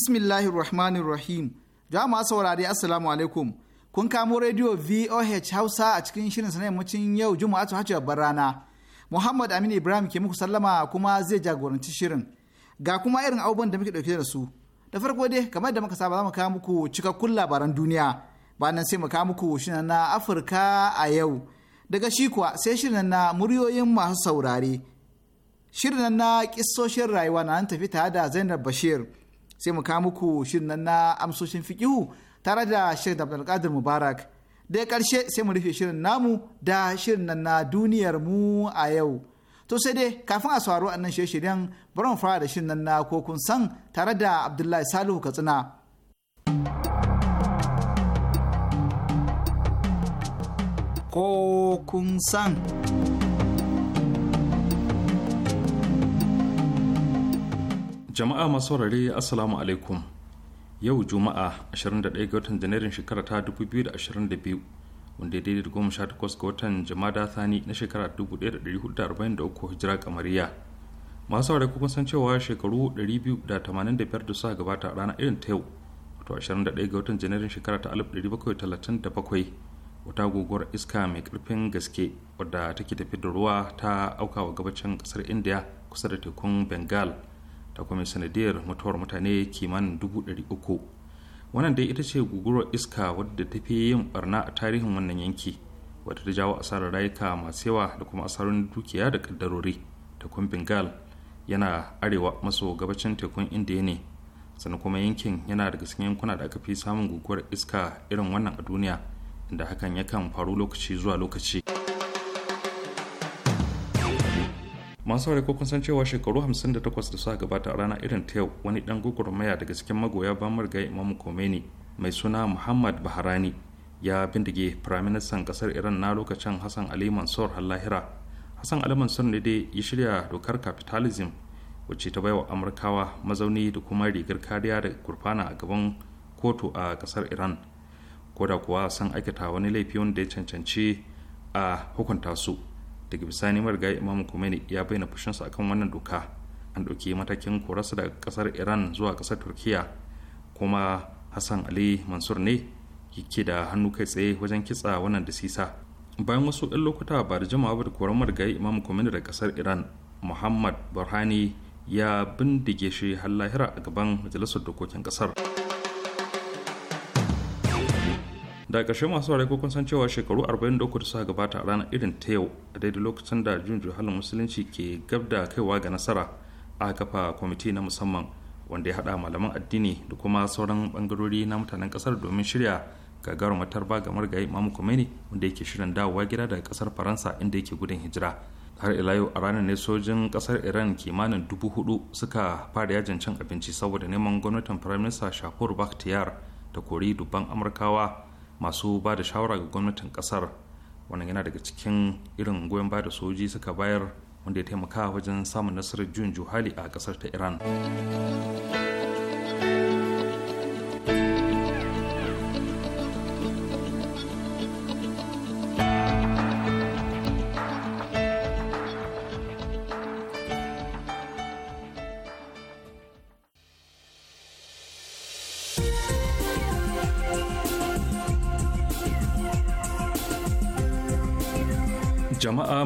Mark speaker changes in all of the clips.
Speaker 1: Bismillahir Rahmanir Rahim. Jama'a saurare Assalamu alaikum. Kun kamo rediyo VOH Hausa a cikin shirin sanayin mucin yau Juma'a ta hajji babbar rana. Muhammad Aminu Ibrahim ke muku sallama kuma zai jagoranci shirin. Ga kuma irin abubuwan da muke dauke da su. Da farko dai kamar da muka saba za mu kawo muku cikakkun labaran duniya. Bayan sai mu kawo muku shirin na Afirka a yau. Daga shi kuwa sai shirin na muryoyin masu saurare. Shirin na kisoshin rayuwa na nan tafi tare da Zainab Bashir. sai mu kawo muku shirin nan na amsoshin fikihu tare da Sheikh Abdulkadir Mubarak. Daga karshe sai mu rufe shirin namu da shirin nan na duniyar mu a yau. To sai dai kafin a sauraro annan shirye-shiryen bari mu fara da shirin nan na ko kun san tare da Abdullahi Salihu Katsina.
Speaker 2: Ko
Speaker 1: kun san.
Speaker 3: jama'a masu saurare assalamu alaikum yau juma'a 21 ga watan janairun shekara ta 2022 wanda ya daidai da goma sha takwas ga watan jama'a thani na shekara 1443 hijira kamariya masu saurare kuma san cewa shekaru 285 da suka gabata a ranar irin ta yau wato 21 ga watan janairun shekara ta 1737 wata guguwar iska mai karfin gaske wadda take tafi da ruwa ta auka wa gabacin kasar india kusa da tekun bengal ta sanadiyar mutuwar mutane kimanin dubu ɗari uku wannan dai ita ce guguwar iska wadda ta fi yin barna a tarihin wannan yanki wadda ta jawo asarar rayuka masu yawa da kuma asarar dukiya da kaddarori kumbin bengal yana arewa maso gabacin tekun indiya ne sannan kuma yankin yana daga cikin yankuna da aka fi samun guguwar iska irin wannan a duniya inda hakan yakan faru lokaci zuwa lokaci. masu saurari ko kun san cewa shekaru 58 da suka gabata a rana irin ta yau wani dan gugurmaya daga cikin magoya ban murgai imam komeni mai suna muhammad baharani ya bindige firaministan kasar iran na lokacin hassan ali mansur hallahira hassan ali mansur ne dai ya shirya dokar capitalism wacce ta bai wa amurkawa mazauni da kuma rigar kariya da gurfana a gaban kotu a kasar iran koda kuwa san aikata wani laifi wanda ya cancanci a hukunta su daga bisani marigayi imam kumeni ya bayyana fushinsa akan wannan doka an ɗauki matakin korasa daga kasar iran zuwa ƙasar turkiya kuma hassan ali mansur ne yake da hannu kai tsaye wajen kitsa wannan dasisa bayan wasu ɗan lokuta ba da jimawar ba da koran marigayi imam kumeni daga ƙasar iran muhammad burhani ya bindige shi har lahira a gaban majalisar dokokin ƙasar. da ƙarshe masu ware kun san cewa shekaru 43 da suka gabata a ranar irin ta yau a daidai lokacin da jin halin musulunci ke gab da kaiwa ga nasara a kafa kwamiti na musamman wanda ya haɗa malaman addini da kuma sauran bangarori na mutanen kasar domin shirya gagarumar ba ga margayi mamu kumeni wanda yake shirin dawowa gida daga ƙasar faransa inda yake gudun hijira har ila yau a ranar ne sojin kasar iran kimanin dubu hudu suka fara yajin cin abinci saboda neman gwamnatin firaminista shakur bakhtiyar da kori dubban amurkawa masu ba da shawara ga gwamnatin kasar wannan yana daga cikin irin goyon ba da soji suka bayar wanda ya taimaka wajen samun nasarar juyin juhali a kasar ta iran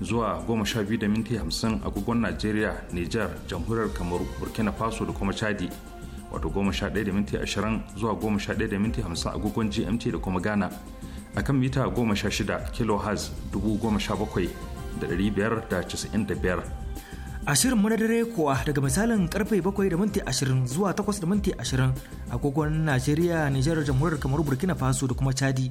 Speaker 3: zuwa 12 da minti 50 agogon Najeriya, niger Jamhuriyar Kamaru, Burkina Faso da kuma Chadi. Wato 11 da minti 20 zuwa 11 da minti 50 agogon GMT da kuma Ghana. A kan mita 16 kHz 17,595. Ashirin mu na dare kuwa daga misalin karfe
Speaker 4: 7 da minti 20 zuwa 8 da minti 20 agogon Najeriya, niger Jamhuriyar Kamaru, Burkina Faso da kuma Chadi.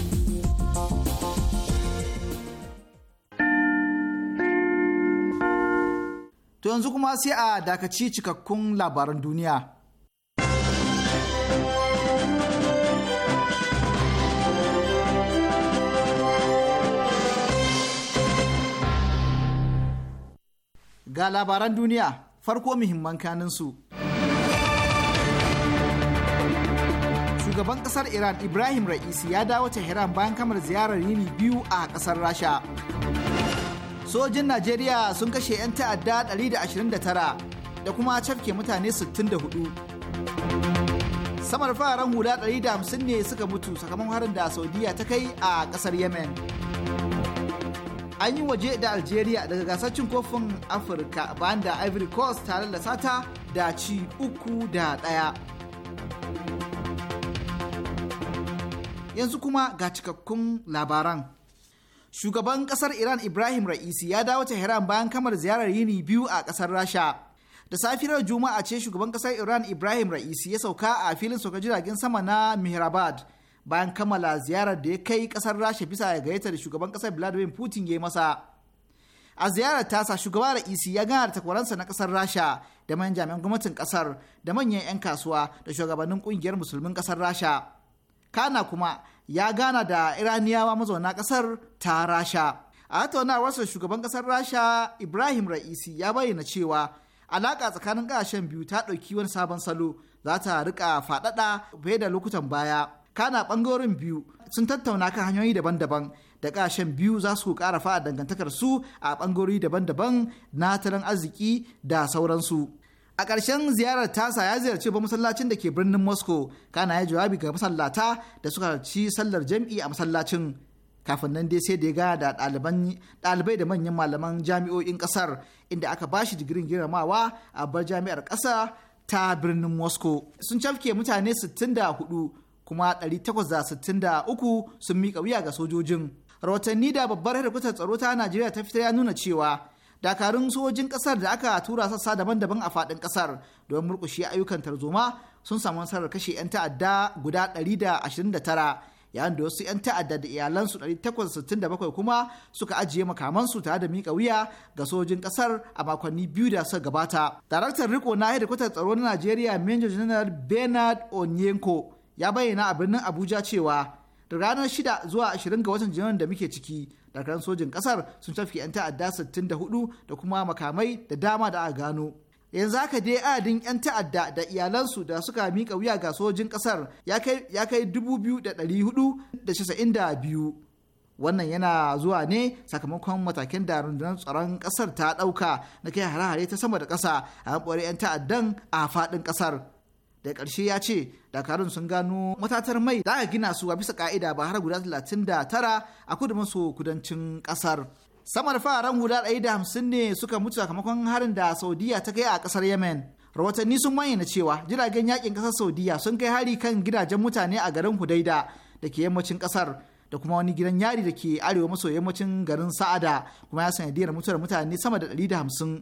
Speaker 1: To yanzu kuma sai a dakaci cikakkun labaran duniya. Ga labaran duniya farko muhimman kaninsu. Shugaban ƙasar Iran Ibrahim Ra'isi ya dawo Tehran bayan kamar ziyarar yini biyu a ƙasar Rasha. sojin najeriya sun kashe 'yan ta'adda 129 da kuma cafke mutane 64 samar fararen hula 150 ne suka mutu sakamakon harin da saudiya ta kai a kasar yemen an yi waje da algeria daga gasar cin kofin afirka bayan da ivory coast tare da sata da ci uku da ɗaya yanzu kuma ga cikakkun labaran Shugaban kasar Iran Ibrahim Ra'isi ya dawo Tehran bayan kamar ziyarar yini biyu a kasar Rasha. Da safiyar Juma'a ce shugaban kasar Iran Ibrahim Ra'isi ya sauka a filin sauka jiragen sama na Mihrabad bayan kammala ziyarar da ya kai kasar Rasha bisa ga gayyatar shugaban kasar Vladimir Putin ya yi masa. a ziyarar tasa shugaba ra'isi ya gana da takwaransa na kasar rasha da manyan jami'an gwamnatin kasar da manyan 'yan kasuwa da shugabannin kungiyar musulmin kasar rasha kana kuma ya gana da iraniyawa mazauna kasar ta rasha a tattaunawarsa shugaban kasar rasha ibrahim ra'isi ya bayyana cewa alaƙa tsakanin ƙasashen biyu ta ɗauki wani sabon salo za ta rika faɗaɗa fiye da lokutan baya kana ɓangarorin biyu sun tattauna kan hanyoyi daban-daban da ƙasashen biyu za su ƙara fa'a dangantakar su a ɓangarori daban-daban na tattalin arziki da sauransu. a ƙarshen ziyarar tasa ya ziyarci babban masallacin da ke birnin moscow kana ya jawabi ga masallata da suka harci sallar jam'i a masallacin kafin nan dai sai da ya gana da ɗalibai da manyan malaman jami'o'in ƙasar inda aka ba shi digirin girmamawa a bar jami'ar ƙasa ta birnin moscow sun cafke mutane 64 kuma 863 sun miƙa wuya ga sojojin rahotanni da babbar harkutar tsaro ta najeriya ta fitar ya nuna cewa dakarun sojin kasar da aka tura sassa daban-daban a faɗin kasar don murkushe ayyukan tarzoma sun samu nasarar kashe 'yan ta'adda guda 129 yayin da wasu 'yan ta'adda da iyalansu 867 kuma suka ajiye makamansu tare da mika wuya ga sojin kasar a makonni biyu da suka gabata. Daraktan riko na hedikwatar tsaro na Najeriya Major General Bernard Onyenko ya bayyana a birnin Abuja cewa ranar 6 zuwa 20 ga watan Janairun da muke ciki dakarun sojin kasar sun tafi 'yan ta'adda 64 da kuma makamai da dama da aka gano yanzu haka dai adadin 'yan ta'adda da iyalansu da suka mika wuya ga sojin kasar ya kai 2,492 wannan yana zuwa ne sakamakon matakin da rundunar tsaron kasar ta ɗauka na kai hare-hare ta sama da ƙasa a 'yan ta'addan a faɗin kasar. da ƙarshe ya ce dakarun sun gano matatar mai za a gina su a bisa ka'ida ba har guda 39 a kudu maso kudancin ƙasar samar da fararen guda 150 ne suka mutu sakamakon harin da saudiya ta kai a ƙasar yemen rahotanni sun manyana cewa jiragen yakin ƙasar saudiya sun kai hari kan gidajen mutane a garin hudaida da ke yammacin ƙasar da kuma wani gidan yari da ke arewa maso yammacin garin sa'ada kuma ya sanadiyar mutuwar mutane sama da 150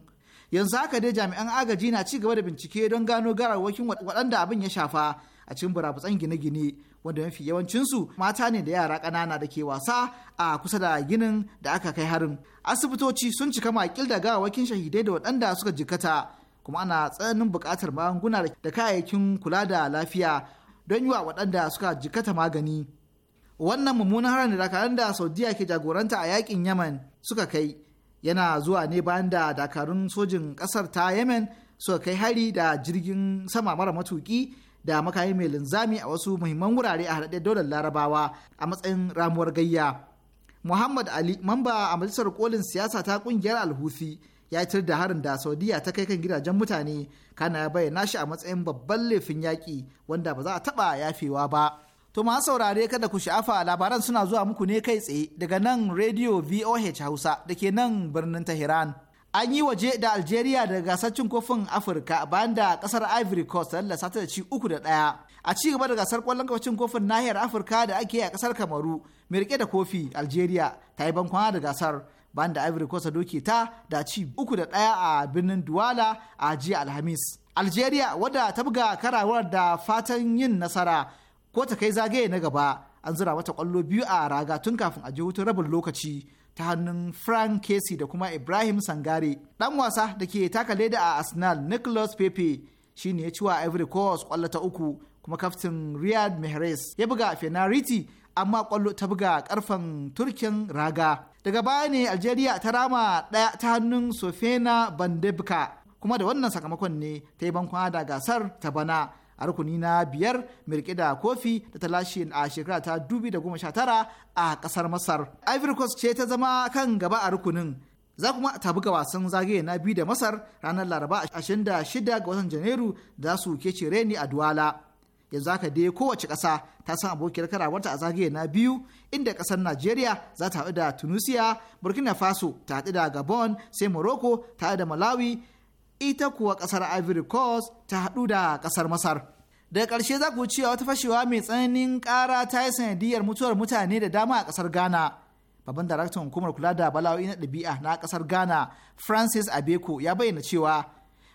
Speaker 1: yanzu haka dai jami'an agaji na ci gaba da bincike don gano garawakin waɗanda abin ya shafa a cikin burabutsan gine-gine wanda mafi yawancinsu mata ne da yara ƙanana da ke wasa a kusa da ginin da aka kai harin asibitoci sun cika makil da garawakin shahidai da waɗanda suka jikkata kuma ana tsananin buƙatar magunguna da kayayyakin kula da lafiya don yi wa waɗanda suka jikkata magani wannan mummunan harin da dakarun da saudiya ke jagoranta a yakin yaman suka kai yana zuwa ne bayan da dakarun sojin ƙasar ta yemen suka kai hari da jirgin sama mara matuki da makami mai linzami a wasu muhimman wurare a haɗaɗɗen daular larabawa a matsayin ramuwar gayya muhammad ali mamba a majalisar kolin siyasa ta ƙungiyar alhuthi ya tir da harin da saudiya ta kai kan gidajen mutane kana ya bayyana shi a matsayin babban laifin yaƙi wanda ba za a taɓa yafewa ba To ma saurare kada ku sha'afa labaran suna zuwa muku ne kai tsaye daga nan Radio VOH Hausa da ke nan birnin Tahiran. An yi waje da Algeria da gasar cin kofin Afirka bayan da kasar Ivory Coast da lallasa da ci uku da ɗaya. A ci gaba da gasar kwallon kafa kofin nahiyar Afirka da ake yi a kasar Kamaru mai rike da kofi Algeria ta yi bankwana da gasar bayan da Ivory Coast doke ta da ci uku da ɗaya a birnin Duwala a jiya Alhamis. Algeria wadda ta buga karawar da fatan yin nasara ko ta kai zagaye na gaba an zura mata kwallo biyu a raga tun kafin a je hutun rabin lokaci ta hannun Frank Casey da kuma Ibrahim Sangare. Dan wasa da ke taka leda a Arsenal Nicholas Pepe shine ya ci wa Ivory Coast kwallo ta uku kuma kaftin Riyad mehres ya buga fenariti amma kwallo ta buga karfen turkin raga. Daga baya ne Algeria ta rama daya ta hannun Sofena Bandebka kuma da wannan sakamakon ne ta yi bankwana da gasar ta bana. a rukuni na biyar mirke da kofi da talashi a shekara ta tara a kasar masar ivory coast ce ta zama kan gaba a rukunin za kuma ta buga wasan zagaye na biyu da masar ranar laraba 26 ga watan janairu da su kece reni a duwala yanzu haka dai kowace ƙasa ta san abokiyar karawarta a zagaye na biyu inda ƙasar najeriya za ta haɗu da tunisia burkina faso ta haɗu da gabon sai morocco ta haɗu da malawi ita kuwa kasar ivory coast ta haɗu da kasar masar daga ƙarshe za ku cewa wata fashewa mai tsananin ƙara ta yi sanadiyar mutuwar mutane da dama a kasar ghana babban daraktan hukumar kula da bala'o'i na ɗabi'a na kasar ghana francis abeko ya bayyana cewa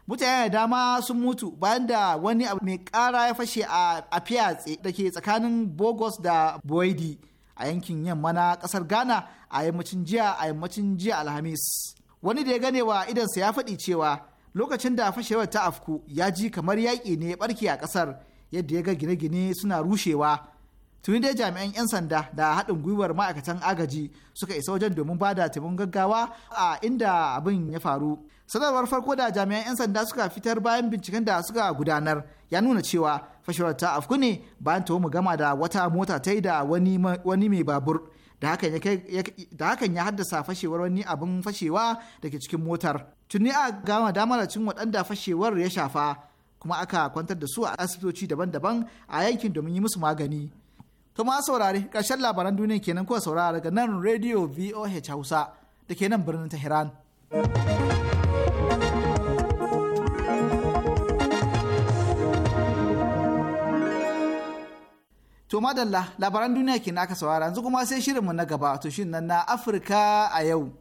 Speaker 1: mutane da dama sun mutu bayan da wani abu mai ƙara ya fashe a fiyatse da ke tsakanin bogos da boydi a yankin yamma na kasar ghana a yammacin jiya a yammacin jiya alhamis wani da ya gane wa idansa ya faɗi cewa lokacin da fashewar ta afku ya ji kamar yaƙi ne barke a ƙasar yadda ya ga gine-gine suna rushewa tuni dai jami'an 'yan sanda da haɗin gwiwar ma'aikatan agaji suka isa wajen domin ba da taimakon gaggawa a inda abin ya faru sanarwar farko da jami'an 'yan sanda suka fitar bayan binciken da suka gudanar ya nuna cewa fashewar ta afku ne bayan ta mu gama da wata mota ta yi da wani mai babur da hakan ya haddasa fashewar wani abin fashewa da ke cikin motar tuni a gama damar cin waɗanda fashewar ya shafa kuma aka kwantar da su a asibitoci daban-daban a yankin domin yi musu magani to ma saurari ƙarshen labaran duniya kenan kuwa saurara daga nan radio voh hausa da ke birnin tehran To madalla labaran duniya kenan aka saurara yanzu kuma sai shirinmu na gaba to shin nan na Afirka a yau.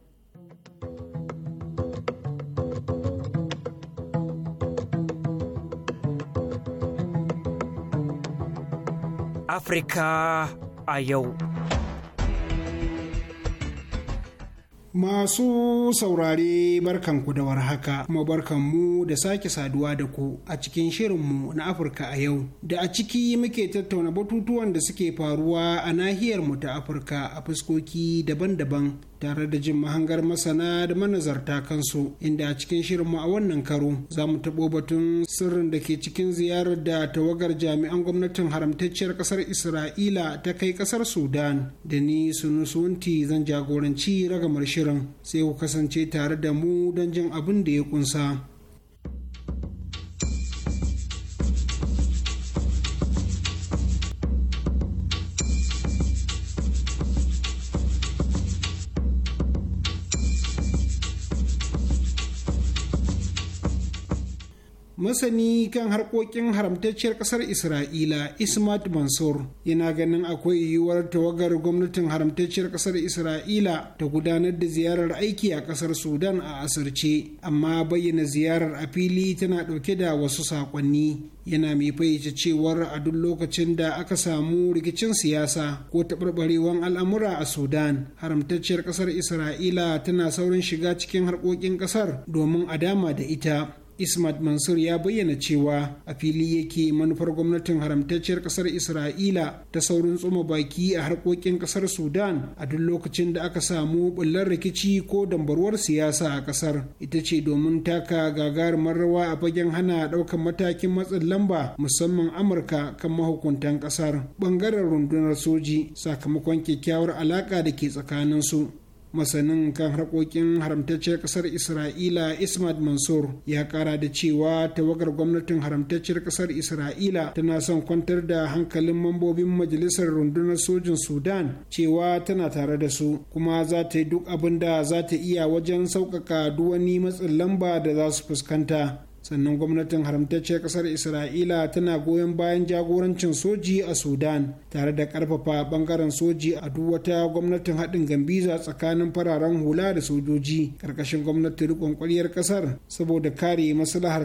Speaker 4: Afirka a yau.
Speaker 2: Masu saurare barkan barkanku da warhaka kuma barkanmu da sake saduwa da ku a cikin shirinmu na Afirka a yau da a ciki muke tattauna batutuwan da suke faruwa a nahiyarmu ta Afirka a fuskoki daban-daban tare da jin mahangar masana da manazarta kansu inda a cikin shirinmu a wannan karo za mu taɓo batun sirrin da ke cikin ziyarar da tawagar jami'an gwamnatin haramtacciyar ƙasar isra'ila ta kai ƙasar sudan da ni sunusunti zan jagoranci ragamar shirin sai ku kasance tare da mu don jin abin da ya ƙunsa. masani kan harkokin haramtacciyar kasar isra'ila ismat mansur yana ganin akwai yiwuwar tawagar gwamnatin haramtacciyar kasar isra'ila ta gudanar da ziyarar aiki a kasar sudan a asirce amma bayyana ziyarar a fili tana ɗauke da wasu saƙonni yana mai fayyace cewar a duk lokacin da aka samu rikicin siyasa ko taɓarɓarewan al'amura a sudan haramtacciyar kasar isra'ila tana saurin shiga cikin harkokin kasar domin a dama da ita Ismat Mansur ya bayyana cewa a fili yake manufar gwamnatin haramtacciyar kasar Isra'ila ta saurin tsoma baki a harkokin kasar Sudan a duk lokacin da aka samu bullar rikici ko dambarwar siyasa a kasar ita ce domin taka gagarumar rawa a fagen hana daukan matakin matsin lamba musamman Amurka kan mahukuntan kasar bangaren rundunar soji sakamakon kyakkyawar alaka da ke tsakanin su masanin kan harkokin haramtacciyar kasar isra'ila ismail mansur ya kara da cewa tawagar gwamnatin haramtacciyar kasar isra'ila tana son kwantar da hankalin mambobin majalisar rundunar sojin sudan cewa tana tare da su kuma za ta yi duk abin da za ta iya wajen sauƙaƙa duwani matsin lamba da za su fuskanta sannan gwamnatin haramtacciyar kasar isra'ila tana goyon bayan jagorancin soji a sudan tare da karfafa bangaren soji a duk wata gwamnatin haɗin gambiza tsakanin fararen hula da sojoji karkashin gwamnatin rikon kwaliyar kasar saboda kare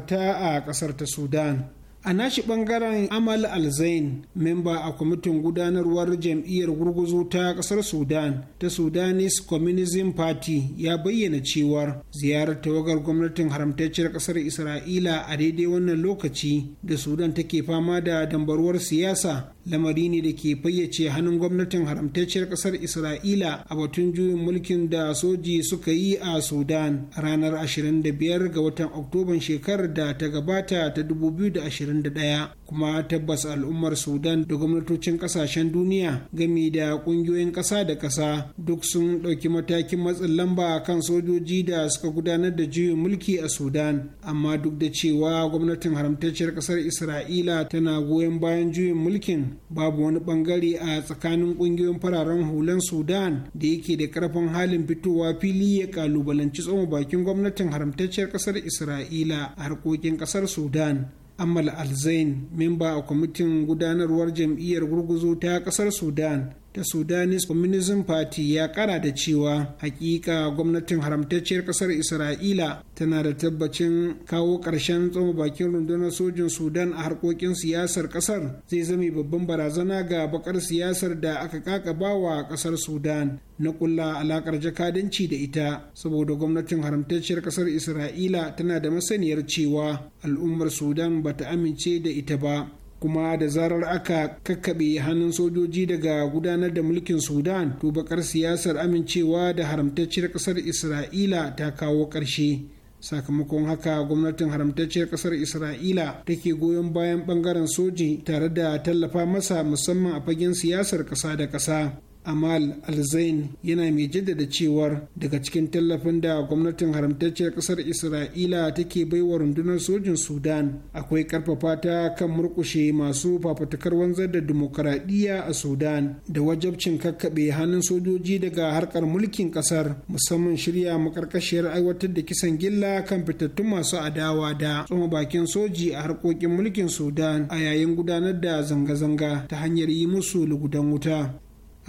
Speaker 2: ta a kasar ta sudan a nashi bangaren amal alzain memba a kwamitin gudanarwar jam'iyyar gurguzu ta kasar sudan ta sudanese communism party ya bayyana cewar ziyarar tawagar gwamnatin haramtacciyar kasar isra'ila a daidai wannan lokaci da sudan take fama da dambarwar siyasa lamari ne da ke fayyace hannun gwamnatin haramtacciyar kasar isra'ila a batun juyin mulkin da soji suka yi a sudan ranar 25 ga watan oktoban shekarar da ta gabata ta 2021 kuma tabbas al'ummar sudan da gwamnatocin kasashen duniya gami da kungiyoyin kasa da kasa duk sun ɗauki matakin matsin lamba kan sojoji da suka gudanar da juyin mulki a sudan amma duk da cewa gwamnatin haramtacciyar kasar isra'ila tana goyon bayan juyin mulkin babu wani bangare a tsakanin kungiyoyin fararen hulan sudan da yake da karfin halin fitowa fili ya kalubalanci tsoma bakin gwamnatin haramtacciyar kasar isra'ila a harkokin kasar sudan amal alzain memba a kwamitin gudanarwar jam'iyyar gurguzu ta ƙasar sudan da sudanese communism party ya kara da cewa hakika gwamnatin haramtacciyar kasar isra'ila tana da tabbacin kawo ƙarshen tsoma bakin rundunar sojin sudan a harkokin siyasar kasar zai zame babban barazana ga bakar siyasar da aka kakaba bawa kasar sudan na kulla alakar jakadanci da ita saboda gwamnatin haramtacciyar kasar isra'ila tana da masaniyar cewa al'ummar sudan bata amince da ita ba kuma da zarar aka kakkaɓe hannun sojoji daga gudanar da mulkin sudan to bakar siyasar amincewa da haramtacciyar ƙasar isra'ila ta kawo ƙarshe sakamakon haka gwamnatin haramtacciyar kasar isra'ila take goyon bayan bangaren soji tare da tallafa masa musamman a fagen siyasar kasa da kasa amal alzain yana mai jaddada cewar daga cikin tallafin da gwamnatin haramtacciyar kasar isra'ila take baiwa rundunar sojin sudan akwai karfafa ta kan murkushe masu fafatakar wanzar da dimokuraɗiyya a sudan da wajabcin kakkaɓe hannun sojoji daga harkar mulkin kasar musamman shirya makarkashiyar aiwatar da kisan gilla kan fitattun masu adawa da tsoma bakin soji a harkokin mulkin sudan a yayin gudanar da zanga-zanga ta hanyar yi musu lugudan wuta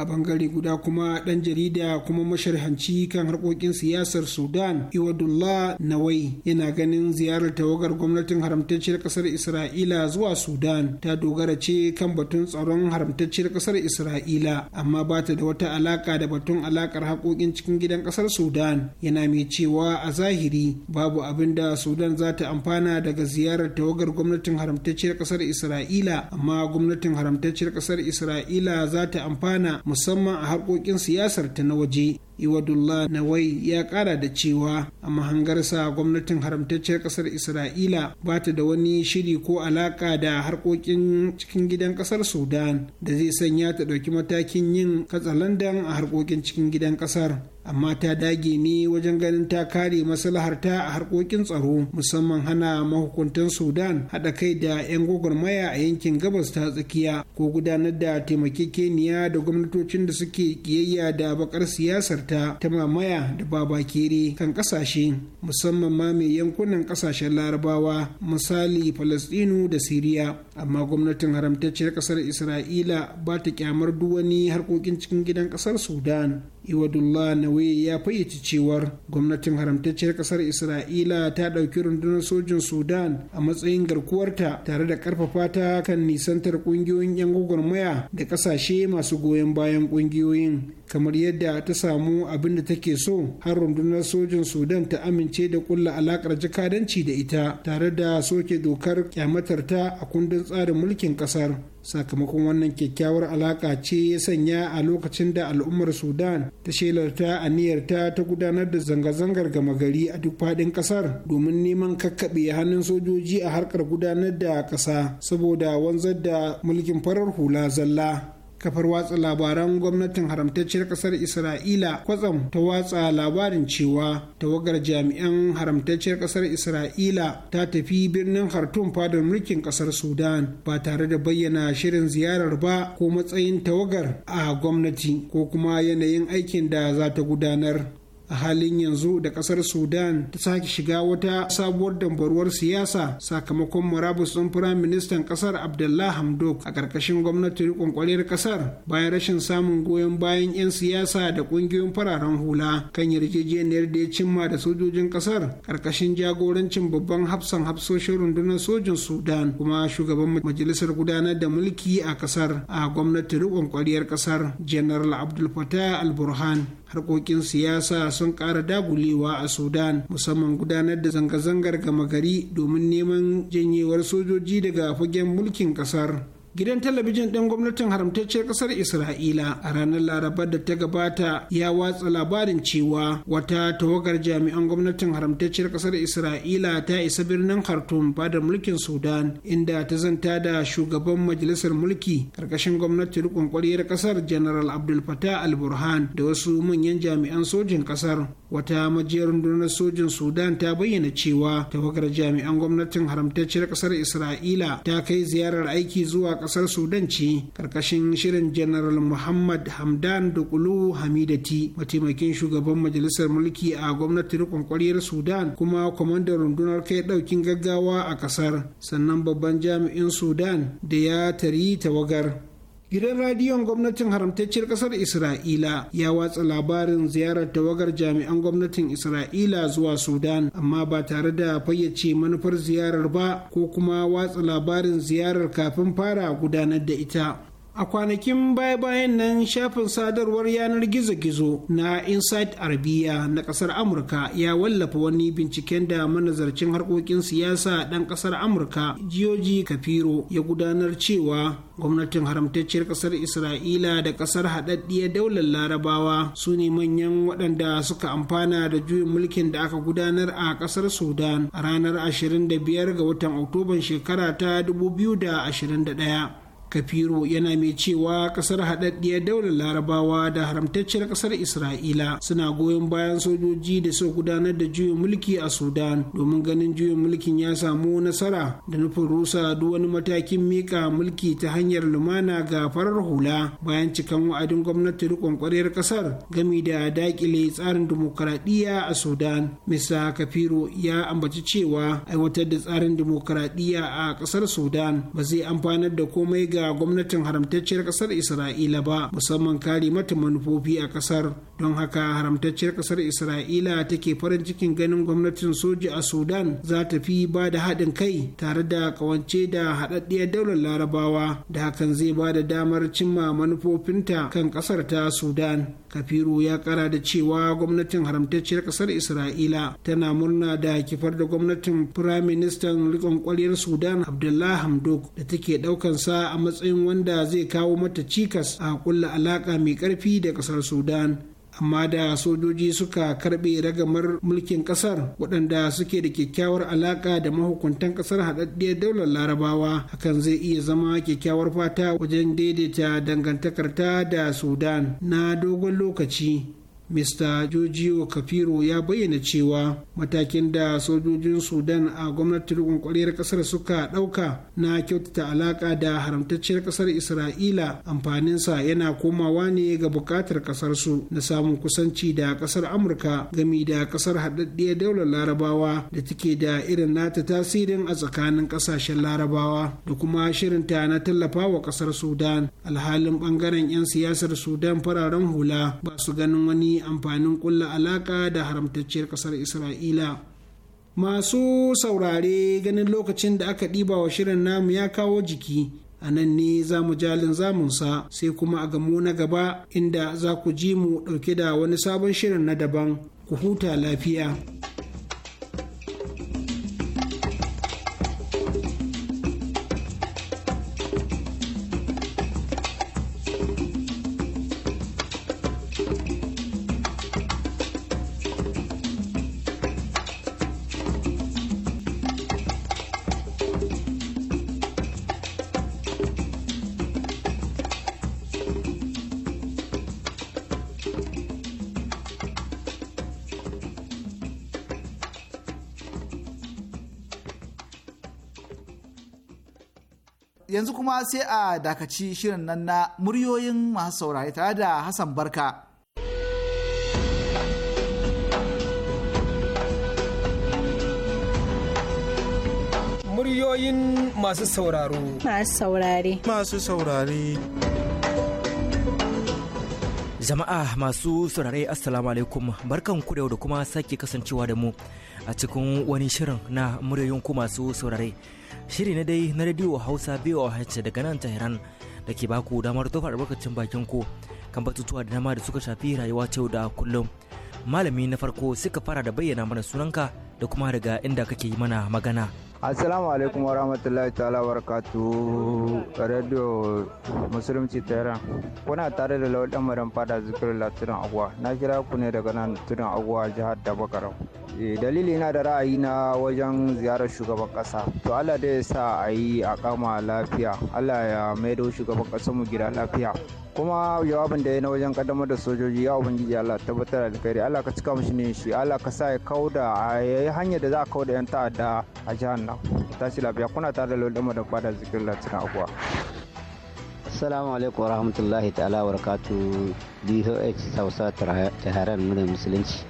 Speaker 2: a bangare guda kuma dan jarida kuma masharhanci kan harkokin siyasar sudan iwadullah nawai yana ganin ziyarar tawagar gwamnatin haramtacciyar kasar isra'ila zuwa sudan ta dogara ce kan batun tsaron haramtacciyar kasar isra'ila amma ba ta da wata alaka da batun alakar haƙoƙin cikin gidan kasar sudan yana mai cewa a zahiri babu abin da sudan za ta amfana daga ziyarar tawagar gwamnatin haramtacciyar kasar isra'ila amma gwamnatin haramtacciyar kasar isra'ila za ta amfana musamman a harkokin siyasar ta na waje iwadullah nawai ya kara da cewa a mahangarsa gwamnatin haramtacciyar kasar isra'ila ba ta da wani shiri ko alaka da harkokin cikin gidan kasar sudan da zai sanya ta ɗauki matakin yin katsalandan a harkokin cikin gidan kasar amma ta dage ne wajen ganin ta kare maslaharta a harkokin tsaro musamman hana mahukuntan sudan haɗa kai da 'yan gwagwarmaya a yankin gabas ta tsakiya ko gudanar da taimakekeniya da gwamnatocin da suke kiyayya da bakar siyasar ta ta mamaya da babakere kan kasashe musamman ma mai yankunan kasashen larabawa misali falastinu da siriya amma gwamnatin haramtacciyar kasar isra'ila ba ta kyamar duk wani harkokin cikin gidan kasar sudan Iwadullah Nawe ya fayyace cewar gwamnatin haramtacciyar kasar Isra'ila ta ɗauki rundunar sojin Sudan a matsayin garkuwarta tare da ƙarfafa ta kan nisantar ƙungiyoyin 'yan gwagwarmaya da ƙasashe masu goyon bayan ƙungiyoyin. Kamar yadda ta samu abin da take so har rundunar sojin Sudan ta amince da kulla alaƙar jakadanci da ita tare da soke dokar kyamatar ta a kundin tsarin mulkin ƙasar. sakamakon wannan kyakkyawar alaka ce ya sanya a lokacin da al'ummar sudan ta shelarta aniyarta ta gudanar da zanga-zangar gama gari a duk fadin kasar domin neman kakkaɓe hannun sojoji a harkar gudanar da ƙasa saboda wanzar da mulkin farar hula zalla kafar watsa labaran gwamnatin haramtacciyar kasar isra'ila kwatsam ta watsa labarin cewa tawagar jami'an haramtacciyar kasar isra'ila ta tafi birnin hartun fadar mulkin kasar sudan ba tare da bayyana shirin ziyarar ba ko matsayin tawagar a gwamnati ko kuma yanayin aikin da za ta gudanar a halin yanzu da kasar sudan ta sake shiga wata sabuwar dambaruwar siyasa sakamakon murabus ɗin Firaministan ministan kasar abdullah hamdok a ƙarƙashin gwamnatin ƙwanƙwariyar kasar bayan rashin samun goyon bayan 'yan siyasa da ƙungiyoyin fararen hula kan yarjejeniyar da ya cimma da sojojin kasar ƙarƙashin jagorancin babban hafsan hafsoshin rundunar sojin sudan kuma shugaban majalisar gudanar da mulki a kasar a gwamnatin riƙon ƙwariyar kasar general abdul fatah al-burhan harkokin siyasa sun ƙara dagulewa a sudan musamman gudanar da zanga-zangar gama gari domin neman janyewar sojoji daga fagen mulkin ƙasar gidan talabijin ɗin gwamnatin haramtacciyar ƙasar isra'ila a ranar larabar da ta gabata ya watsa labarin cewa wata tawagar jami'an gwamnatin haramtacciyar ƙasar isra'ila ta isa birnin khartoum da mulkin sudan inda ta zanta da shugaban majalisar mulki ƙarƙashin gwamnatin rikon ƙwarriyar ƙasar general abdul fatah al burhan da wasu manyan jami'an sojin ƙasar wata majiyar rundunar sojin sudan ta bayyana cewa tawagar jami'an gwamnatin haramtacciyar ƙasar isra'ila ta kai ziyarar aiki zuwa ƙasar sudan ce karkashin shirin general muhammad hamdan dukulu hamidati mataimakin shugaban majalisar mulki a gwamnatin na ƙwaryar sudan kuma kwamandan rundunar kai daukin gaggawa a kasar sannan babban jami'in sudan da ya tari tawagar gidan radiyon gwamnatin haramtacciyar kasar isra'ila ya watsa labarin ziyarar tawagar jami'an gwamnatin isra'ila zuwa sudan amma ba tare da fayyace manufar ziyarar ba ko kuma watsa labarin ziyarar kafin fara gudanar da ita A kwanakin baya-bayan nan shafin sadarwar yanar gizo-gizo na Inside Arabiya na kasar Amurka ya wallafa wani binciken da manazarcin harkokin siyasa ɗan kasar Amurka Gioji Kafiro ya gudanar cewa gwamnatin haramtacciyar kasar Isra'ila da kasar haɗaɗɗiyar daular larabawa su ne manyan waɗanda suka amfana da juyin mulkin da aka gudanar a kasar Sudan a ranar 25 ga watan Oktoban shekara ta 2021. kafiro yana mai cewa kasar haɗaɗɗiyar daular larabawa da haramtacciyar kasar isra'ila suna goyon bayan sojoji da suka gudanar da juyin mulki a sudan domin ganin juyin mulkin ya samu nasara da nufin rusa duk wani matakin miƙa mulki ta hanyar lumana ga farar hula bayan cikan wa'adin gwamnati riƙon ƙwarriyar kasar gami da daƙile tsarin dimokuraɗiyya a sudan mista kafiro ya ambaci cewa aiwatar da tsarin dimokuraɗiyya a ƙasar sudan ba zai amfanar da komai ga ga gwamnatin haramtacciyar kasar isra'ila ba musamman kare mata manufofi a kasar don haka haramtacciyar kasar isra'ila take farin cikin ganin gwamnatin soji a sudan za ta fi ba da haɗin kai tare da kawance da haɗaɗɗiyar daular larabawa da hakan zai ba da damar cimma manufofinta kan kasar ta sudan kafiru ya kara da cewa gwamnatin haramtacciyar kasar isra'ila tana murna da kifar da gwamnatin firaministan rikon kwaryar sudan abdullah hamdok da take ɗaukansa a matsayin wanda zai kawo mata cikas a kulla alaka mai karfi da kasar sudan amma da sojoji suka karbe ragamar mulkin kasar waɗanda suke da kyakkyawar alaka da mahukuntan kasar haɗaɗɗiyar daular larabawa hakan zai iya zama kyakkyawar fata wajen daidaita dangantakarta da sudan na dogon lokaci Mr. Joji Kafiro ya bayyana cewa matakin da sojojin Sudan a gwamnatin rikon ƙasar kasar suka ɗauka na kyautata alaƙa da haramtacciyar kasar Isra'ila amfaninsa yana komawa ne ga buƙatar kasar su na samun kusanci da kasar Amurka gami da kasar haɗaɗɗiyar daular Larabawa da take da irin nata tasirin a tsakanin ƙasashen Larabawa da kuma shirinta na tallafa wa kasar Sudan alhalin ɓangaren 'yan siyasar Sudan fararen hula ba su ganin wani amfanin kulla alaka da haramtacciyar kasar isra'ila masu saurare ganin lokacin da aka ɗiba wa shirin namu ya kawo jiki a nan ne za mu jalin zamunsa sai kuma a gamo na gaba inda za ku ji mu ɗauke da wani sabon shirin na daban ku huta lafiya.
Speaker 1: yanzu kuma sai a dakaci shirin nan na muryoyin masu saurari tare da Hassan Barka.
Speaker 2: Muryoyin masu sauraro.
Speaker 5: Masu saurare. Masu saurare.
Speaker 4: Jama'a masu saurare Assalamu alaikum barkan ku da kuma sake kasancewa da mu a cikin wani shirin na muryoyin ku masu saurare. Shiri na dai na Radio Hausa VOH daga nan Tehran da ke baku damar tofa albarkacin bakin ku kan batutuwa da dama da suka shafi rayuwa ta da kullum. Malami na farko suka fara da bayyana mana sunanka da kuma daga inda kake yi mana magana.
Speaker 2: asalamu alaikum wa rahmatullahi ta'ala wa Radio Musulunci Tehran. Kuna tare da Lawal Dan Fada Zikirin Latirin Agwa. Na kira ku ne daga nan tunan Agwa jihar da Dabakaram. Eh, dalili na da ra'ayi na wajen ziyarar shugaban kasa to Allah dai ya sa a yi a kama lafiya Allah ya maido shugaban kasar mu gida lafiya kuma jawabin da ya na wajen kaddamar da sojoji ya ubangiji Allah tabbatar alkhairi Allah ka cika mishi ne shi Allah ka sa ya kauda yayi hanya da za a da yan ta'adda a jihar nan tashi lafiya kuna tare da lulluɓa da kwada zikirin cikin abuwa
Speaker 6: Assalamu alaikum warahmatullahi ta'ala barakatu DOH ta Taharan mu musulunci.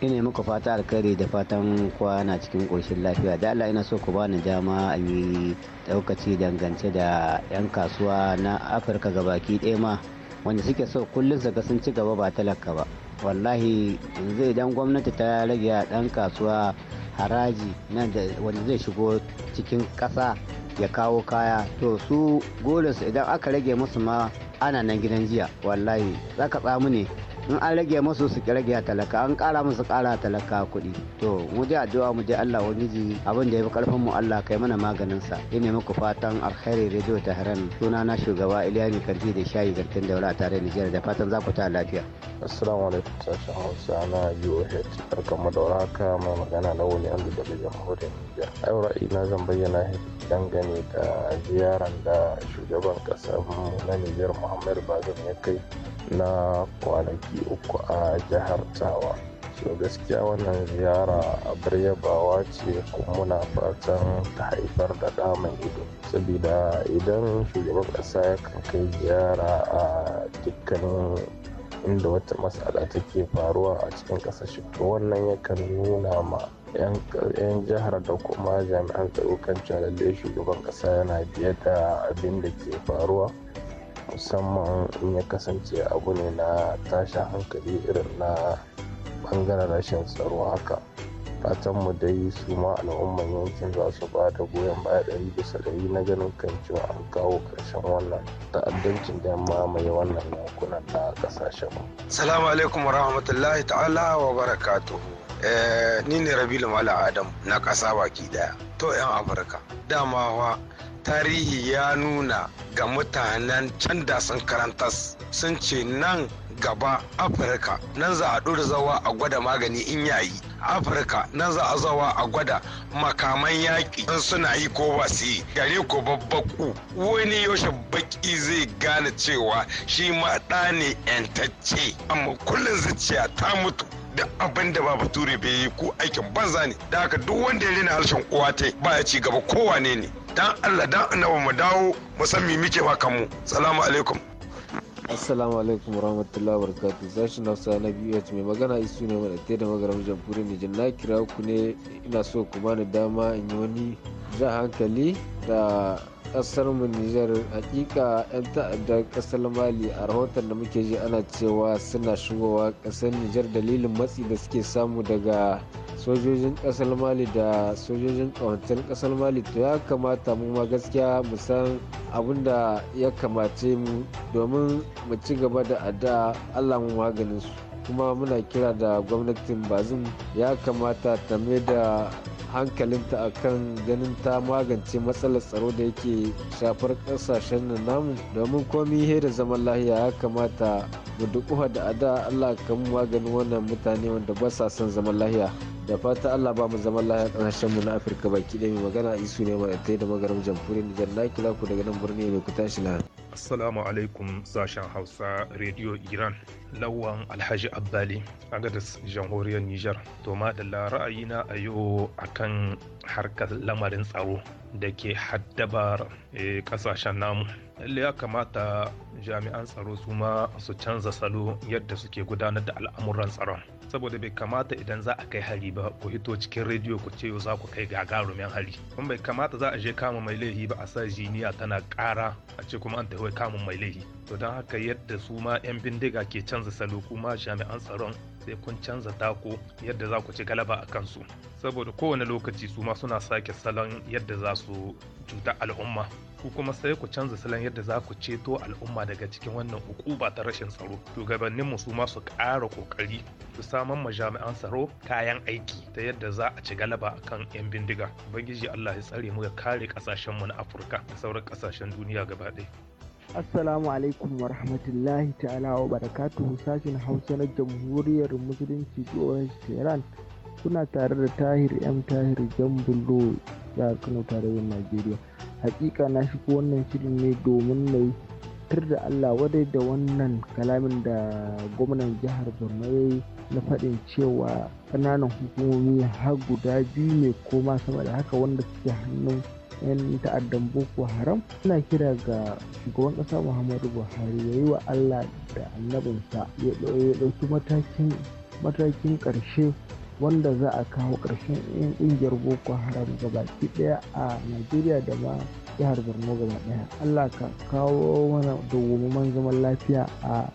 Speaker 1: Ina muku fata alkhairi da fatan na cikin ƙoshin lafiya. Da Allah ina so ku bani dama a yi daukaci dangance da 'yan kasuwa na Afirka gabaki ɗaya ma
Speaker 6: wanda suke so kullum zaga sun ci gaba ba talaka ba wallahi yanzu idan gwamnati ta rage a ɗan kasuwa haraji nan da wanda zai shigo cikin
Speaker 1: ƙasa ya kawo kaya to su gorinsu idan aka rage musu ma ana nan gidan jiya wallahi za ka tsamu ne in an rage masu su rage talaka an kara musu kara talaka kuɗi to mu je addu'a mu je Allah ji abin da ya fi karfin mu Allah kai mana maganin sa ina muku fatan alkhairi radio Tehran suna na shugaba Iliya Kanti da shayi garkin daura tare da Nijar da fatan za ku ta lafiya
Speaker 7: assalamu alaikum sashen Hausa na UOH barkamu da warhaka mai magana na wani an da jamhuriyar hore ai ra'ayi na zan bayyana dangane da ziyaran da shugaban kasar na Nijar Muhammad Bazoum ya kai na kwanaki uku a jihar tawa so gaskiya wannan ziyara abar yabawa ce kuma muna fatan ta haifar da ɗa ido saboda idan shugaban ƙasa ya kan kai ziyara a dukkanin inda wata matsala take faruwa a cikin ƙasashe wannan yakan nuna ma 'yan jihar da kuma jami'an tsaro kan shugaban ƙasa yana biye da abin da ke faruwa musamman in ya kasance abu ne na tashin hankali irin na bangaren rashin tsaro haka fatan mu dai su ma al'umman yankin za su ba da goyon baya ɗari bisa ɗari na ganin kan cewa an kawo ƙarshen wannan ta'addancin da mamaye wannan yankunan na ƙasashen mu. Salamu alaikum wa rahmatullahi ta'ala wa barakatu. Eh, ni ne Rabilu Mala Adam na ƙasa baki ɗaya. To 'yan Afirka, dama wa tarihi ya nuna ga mutanen can da sun karantas sun ce nan gaba afirka nan za a ɗora zawa a gwada magani in yayi afirka nan za a zawa a gwada makaman yaƙi in suna yi ko ba su yi gare ko babbaku wani yaushe baki zai gane cewa shi ma ɗa ne yantacce amma kullum zuciya ta mutu da abin da ba bature bai yi ko aikin banza ne da haka duk wanda ya rina harshen uwa ta ba ya ci gaba kowane ne dan Allah dan annabi mu dawo mu san me muke ma kanmu salamu alaikum
Speaker 6: assalamu alaikum warahmatullahi wabarakatuh na hausa na biyu mai magana isu ne mai da magaram jamhuriyar nijar na kira ku ne ina so ku bani dama in yi wani jan hankali da mu Nijar hakika 'yan ta'addar kasar Mali a rahoton da muke ji ana cewa suna shigowa kasar Nijar dalilin matsi da suke samu daga sojojin kasar Mali da sojojin kawantar kasar Mali to ya kamata mu ma gaskiya mu san abin da ya kamace mu domin mu ci gaba da addu'a Allah mu maganin su kuma muna kira da gwamnatin bazin ya kamata ta mai da hankalinta kan ganin ta magance matsalar tsaro da yake shafar kasashen nan namu domin komi he da zaman lahiya ya kamata mu dukuwa da ada Allah mu maganin wannan mutane wanda ba sa son zaman lahiya da fata Allah ba mu zaman lahiya kasashen mu na Afirka baki ɗaya mai magana isu ne mai da magaram jamhuriyar Nijar na kila ku daga nan birni ne ku tashi lahiya.
Speaker 8: Assalamu alaikum sashen Hausa Radio Iran. Lawan Alhaji Abbali a jamhuriyar Nijar. To ma madalla ra'ayina a yau akan harkar lamarin tsaro da ke haddabar kasashen eh, namu. Lalle ya kamata jami'an tsaro su ma su canza salo yadda suke gudanar da al'amuran tsaron. saboda bai kamata idan za a kai hari ba ku hito cikin rediyo ku ce za ku kai gagarumin hari kuma bai kamata za a je kama mai laifi ba a sa jiniya tana kara a ce kuma an tafi kama mai laifi to don haka yadda su ma 'yan bindiga ke canza salo kuma jami'an tsaron sai kun canza tako yadda za ku ci galaba a kansu saboda kowane lokaci su ma suna sake salon yadda za su cuta al'umma ku kuma sai ku canza salon yadda za ku ceto al'umma daga cikin wannan hukuma ta rashin tsaro shugabannin mu su ma ƙara kokari su samar ma jami'an tsaro kayan aiki ta yadda za a ci galaba kan 'yan bindiga ubangiji allah ya tsare mu ya kare kasashen mu na afirka da sauran kasashen duniya gaba
Speaker 2: Assalamu alaikum wa rahmatullahi
Speaker 9: ta'ala wa barakatuhu sashen Hausa na Jamhuriyar Musulunci Tsohon Tehran
Speaker 6: kuna tare da Tahir M Tahir Jambulo da Kano da Najeriya. hakika na shigo wannan shirin ne domin na yi tur da allah wadai da
Speaker 7: wannan kalamin da gwamnan jihar borno ya yi na faɗin cewa ƙananan
Speaker 9: hukumomi har guda biyu ne koma sama da haka wanda suke hannun 'yan ta'addan boko haram suna kira ga shugaban ƙasa muhammadu buhari ya yi wa allah da annabinsa ya ɗauki matakin ƙarshe wanda za a kawo ƙarshen 'yan ƙungiyar boko haram ga baki ɗaya a najeriya
Speaker 7: da
Speaker 6: ma jihar borno gaba daya.
Speaker 9: allah ka kawo mana dawwammamen zaman lafiya
Speaker 1: a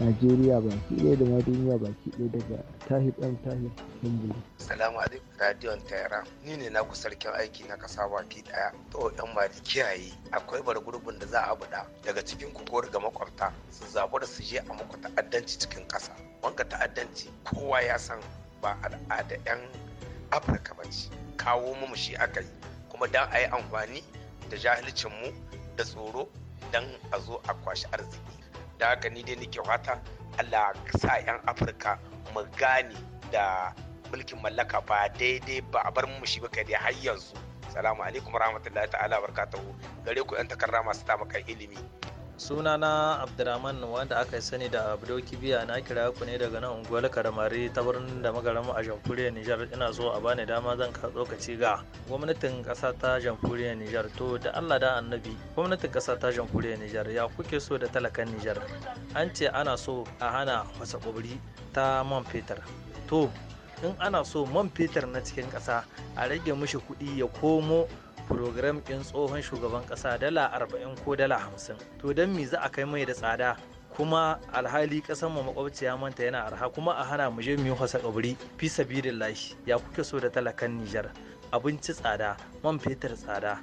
Speaker 1: najeriya baki ɗaya da ma duniya baki ɗaya daga tahir ɗan tahir
Speaker 2: bulu.
Speaker 7: salamu alaikum radiyon tayara ni ne na sarkin aiki na kasa baki daya to yan mali kiyaye akwai bargurbin da za a buɗa daga cikin ku ko daga makwabta su zaɓi da su je a muku ta'addanci cikin ƙasa wanka ta'addanci kowa ya san ba al'ada 'yan afirka ba ce kawo mu shi aka yi kuma don a yi amfani da jahilcinmu da tsoro don a zo a kwashi arziki da haka ni dai nake fata allah sa 'yan afirka mu gane da mulkin mallaka ba daidai ba a bar mu shi ba kai har yanzu salamu alaikum rahmatullahi ta'ala barkatahu gare ku 'yan takarda masu ta ilimi
Speaker 10: sunana abdulrahman wanda aka sani da abdoki biya na kira ku ne daga nan unguwar karamare ta birnin da magaram a jamhuriyar nijar ina so a bani dama zan ka tsokaci ga gwamnatin kasa ta jamhuriyar nijar to da allah da annabi gwamnatin kasa ta jamhuriyar nijar ya kuke so da talakan nijar an ce ana so a hana wasa kwabri ta man fetur to in ana so man fetur na cikin kasa a rage mishi kuɗi ya komo program ɗin tsohon shugaban ƙasa dala arba'in ko dala hamsin to don me za a kai mai da tsada kuma alhali ƙasar mu makwabciya manta yana arha kuma a hana mu je mu yi hasa kaburi fi sabilillahi ya kuke so da talakan Nijar abinci tsada man fetur tsada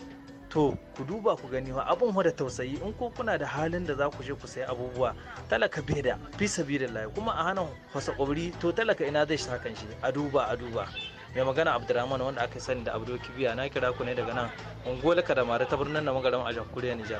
Speaker 10: to ku duba ku gani wa abin da tausayi in ko kuna da halin da za ku je ku sayi abubuwa talaka beda fi sabilillahi kuma a hana hasa kaburi to talaka ina zai sha kan shi a duba a duba mai magana abdurrahman wanda aka sani da abdo kibiya na kira ku ne daga nan unguwar kadamare ta birnin da magaram a jamhuriyar nijar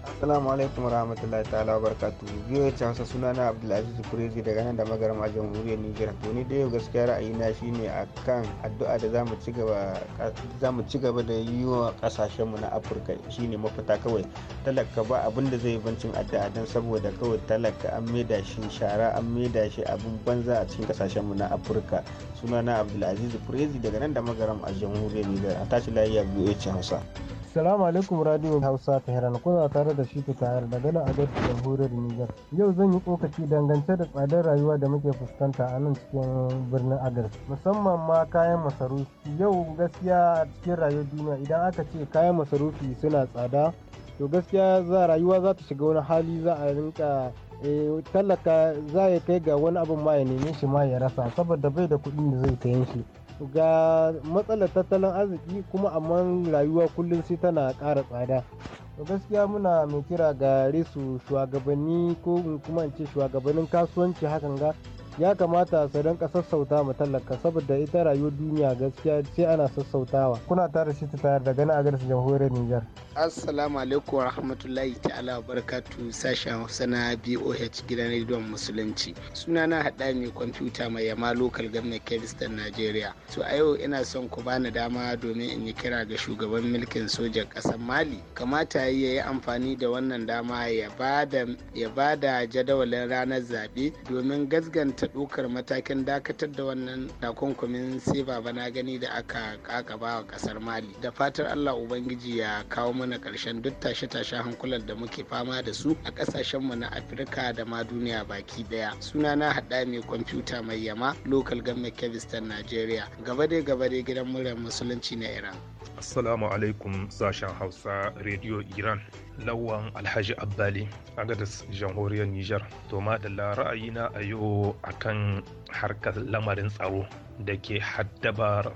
Speaker 7: Assalamu alaikum rahmatullahi ta'ala barkatu biyo ya hausa suna na Abdulaziz Kurezi daga nan da magarama jamhuriyar Nijar to ni da yau gaskiya ra'ayina shine akan addu'a da za mu ci gaba da yi wa kasashen mu na Afirka shine mafita kawai talaka ba abin da zai bancin addu'a dan saboda kawai talaka an maida shi shara an maida shi abin banza a cikin kasashen mu na Afirka suna na Abdulaziz Kurezi daga nan da magaram a jamhuriyar Nijar a tashi lafiya biyo ya hausa.
Speaker 6: Assalamu alaikum Radio Hausa Tehran kuna tare da Shitu da daga nan Agadez Jamhuriyar Niger. Yau zan yi kokaci dangance da tsadar rayuwa da muke fuskanta a nan cikin birnin Agadez musamman ma kayan masarufi. Yau gaskiya cikin rayuwar duniya idan aka ce kayan masarufi suna tsada to gaskiya za rayuwa za ta shiga wani hali za a rinka eh, tallaka za ya kai ga wani abin ma ya neme shi ma ya rasa saboda bai da kuɗin da zai kayan shi ga matsalar tattalin arziki kuma amma rayuwa kullum sai tana ƙara tsada to gaskiya muna mai kira ga resu shugabanni ko kuma in ce shugabannin kasuwanci hakan ga ya kamata su rinka sassauta ma tallaka saboda ita rayuwar duniya gaskiya sai ana sassautawa kuna tare shi ta tayar da gani a garin jamhuriyar Nijar
Speaker 9: assalamu alaikum wa rahmatullahi ta'ala wa barakatu sashen hausa na boh gidan rediyon musulunci suna na haɗa mai kwamfuta mai yama local government kiristan nigeria to a yau ina son ku bani dama domin in yi kira ga shugaban mulkin sojan kasar mali kamata ya yi amfani da wannan dama ya ba da jadawalin ranar zabe domin gasganta ɗaukar matakin dakatar da wannan takunkumin sai bana gani da aka kakaba wa ƙasar mali da fatar allah ubangiji
Speaker 7: ya kawo mana ƙarshen duk tashe-tashe hankulan da muke fama da su a mu na afirka
Speaker 9: da ma duniya baki ɗaya na haɗa mai kwamfuta mai yama local government kevistan nigeria gaba dai gaba dai gidan muryar musulunci na iran
Speaker 8: assalamu alaikum sashen hausa radio iran lawan alhaji abbali a jamhuriyar niger to ma da madalla ra'ayina a yau akan harkar lamarin tsaro da ke haddabar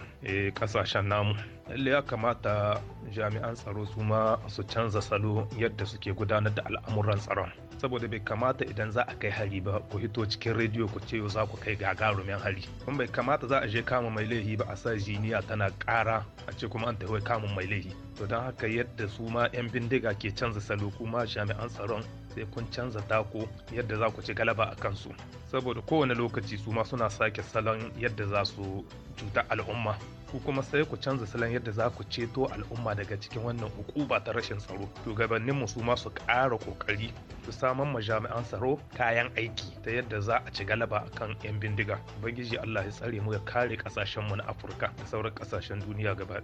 Speaker 8: kasashen eh, namu lalle ya kamata jami'an tsaro su ma su canza salo yadda suke gudanar da al'amuran tsaron saboda bai kamata idan za a kai hari ba ku hito cikin rediyo ku ce za ku kai gagarumin hari kuma bai kamata za a je kama mai laifi ba a sa jiniya tana ƙara a ce kuma an tafi kamun mai laifi. to don haka yadda su ma 'yan bindiga ke canza salo kuma jami'an tsaron sai kun canza tako yadda za ku ci galaba a kansu saboda kowane lokaci su ma suna sake salon yadda za su cuta al'umma ku kuma sai ku canza salon yadda za ku ceto al'umma daga cikin wannan hukuma ta rashin tsaro shugabannin mu su ma su ƙara kokari su samar ma jami'an tsaro kayan aiki ta yadda za a ci galaba kan yan bindiga ubangiji Allah ya tsare mu ya kare kasashen mu na Afirka da sauran kasashen duniya gaba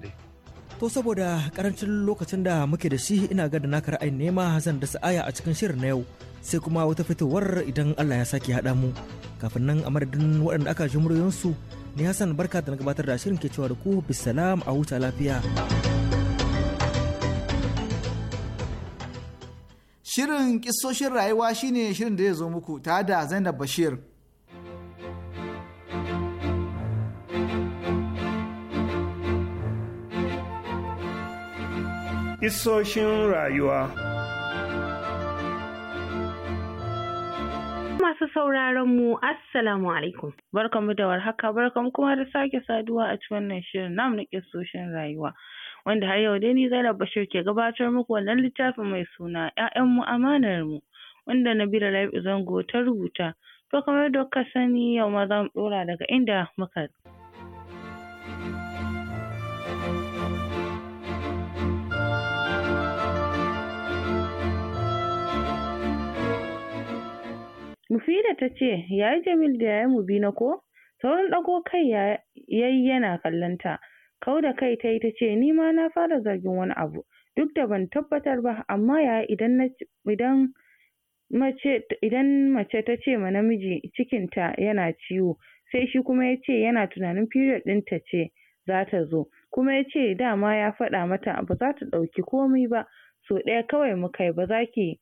Speaker 4: To saboda karancin lokacin da muke da shi ina ga da naka ra'ayin nema zan da sa'aya a cikin shirin na yau sai kuma wata fitowar idan Allah ya sake haɗa mu kafin nan a madadin waɗanda aka ji muryoyinsu ni hassan barka da na gabatar da shirin ke cewa da ku bisalam a wuta lafiya
Speaker 1: shirin kisoshin rayuwa shine shirin da ya zo muku ta da zainab bashir
Speaker 7: isoshin rayuwa
Speaker 5: sauraron mu assalamu alaikum barkamu da warhaka mu kuma da sake saduwa a cikin wannan shirin namu na kisoshin rayuwa wanda har yau dai ni Zainab Bashir ke gabatar muku wannan littafin mai suna ƴaƴan mu amanar mu wanda Nabila Rabi Zango ta rubuta to kamar yadda kuka sani yau ma zamu ɗora daga inda muka Mufida ta ce, ya yi Jamil da Yayi na ko? Saurin ɗago kai ya yi yana kallon ta. Kau da kai ta yi ta ce, Ni ma na fara zargin wani abu, duk da ban tabbatar ba, amma ya idan na idan mace idan ta ce ma namiji cikinta yana ciwo, sai shi kuma ya ce yana tunanin period ta ce za ta zo, kuma ya ce dama ya faɗa mata ba za ta ɗauki komai ba, so ɗaya kawai muka yi ba za ki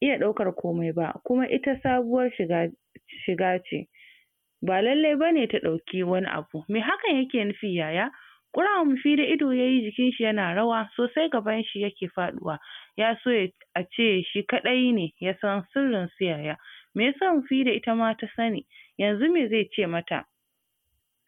Speaker 5: iya ɗaukar komai ba kuma ita sabuwar shiga shiga ce ba lallai ba ne ta ɗauki wani abu me hakan yake nufi yaya ƙurawa da ido yayi jikin shi yana rawa sosai gaban shi yake faɗuwa ya so a ce shi kaɗai ne ya san sirrin su yaya me yasa da ita ma ta sani yanzu me zai ce mata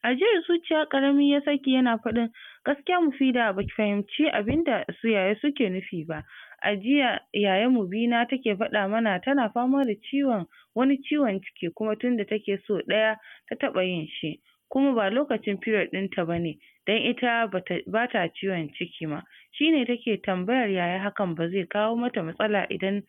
Speaker 5: A ajiyar zuciya ƙarami ya saki yana faɗin gaskiya Mufida baki fahimci abinda su yaya suke nufi ba A jiya yayan mu Bina take faɗa mana tana fama da ciwon wani ciwon ciki kuma tunda take so ɗaya ta taɓa yin shi, kuma ba lokacin period ɗinta bane don ita bata ciwon ciki ma, shine take tambayar yaya hakan ba zai kawo mata matsala idan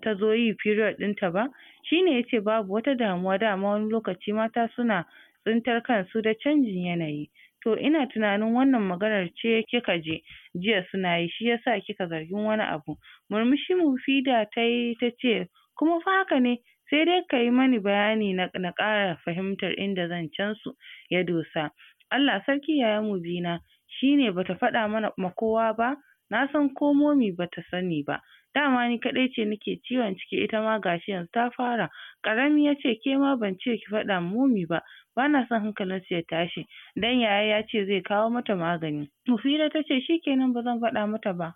Speaker 5: tazo yi period ɗinta ba, shine yace babu wata damuwa dama wani lokaci mata suna tsintar kansu da canjin yanayi. to ina tunanin wannan maganar ce kika ji jiya suna yi shi yasa kika zargin wani abu murmushi Mufida tayi tace kuma fa haka ne sai dai ka yi mani bayani na ƙara fahimtar inda zan can su ya dosa Allah sarki yayan Mubina shine bata faɗa mana ma kowa ba nasan ko momi bata sani ba dama ni kaɗai ce nake ciwon ciki ita ma gashi yanzu ta fara ƙarami yace ma ban ce ki faɗa ma Mumi ba bana son hankalin su ya tashi dan yaya yace zai kawo mata magani Mufira tace shikenan bazan faɗa mata ba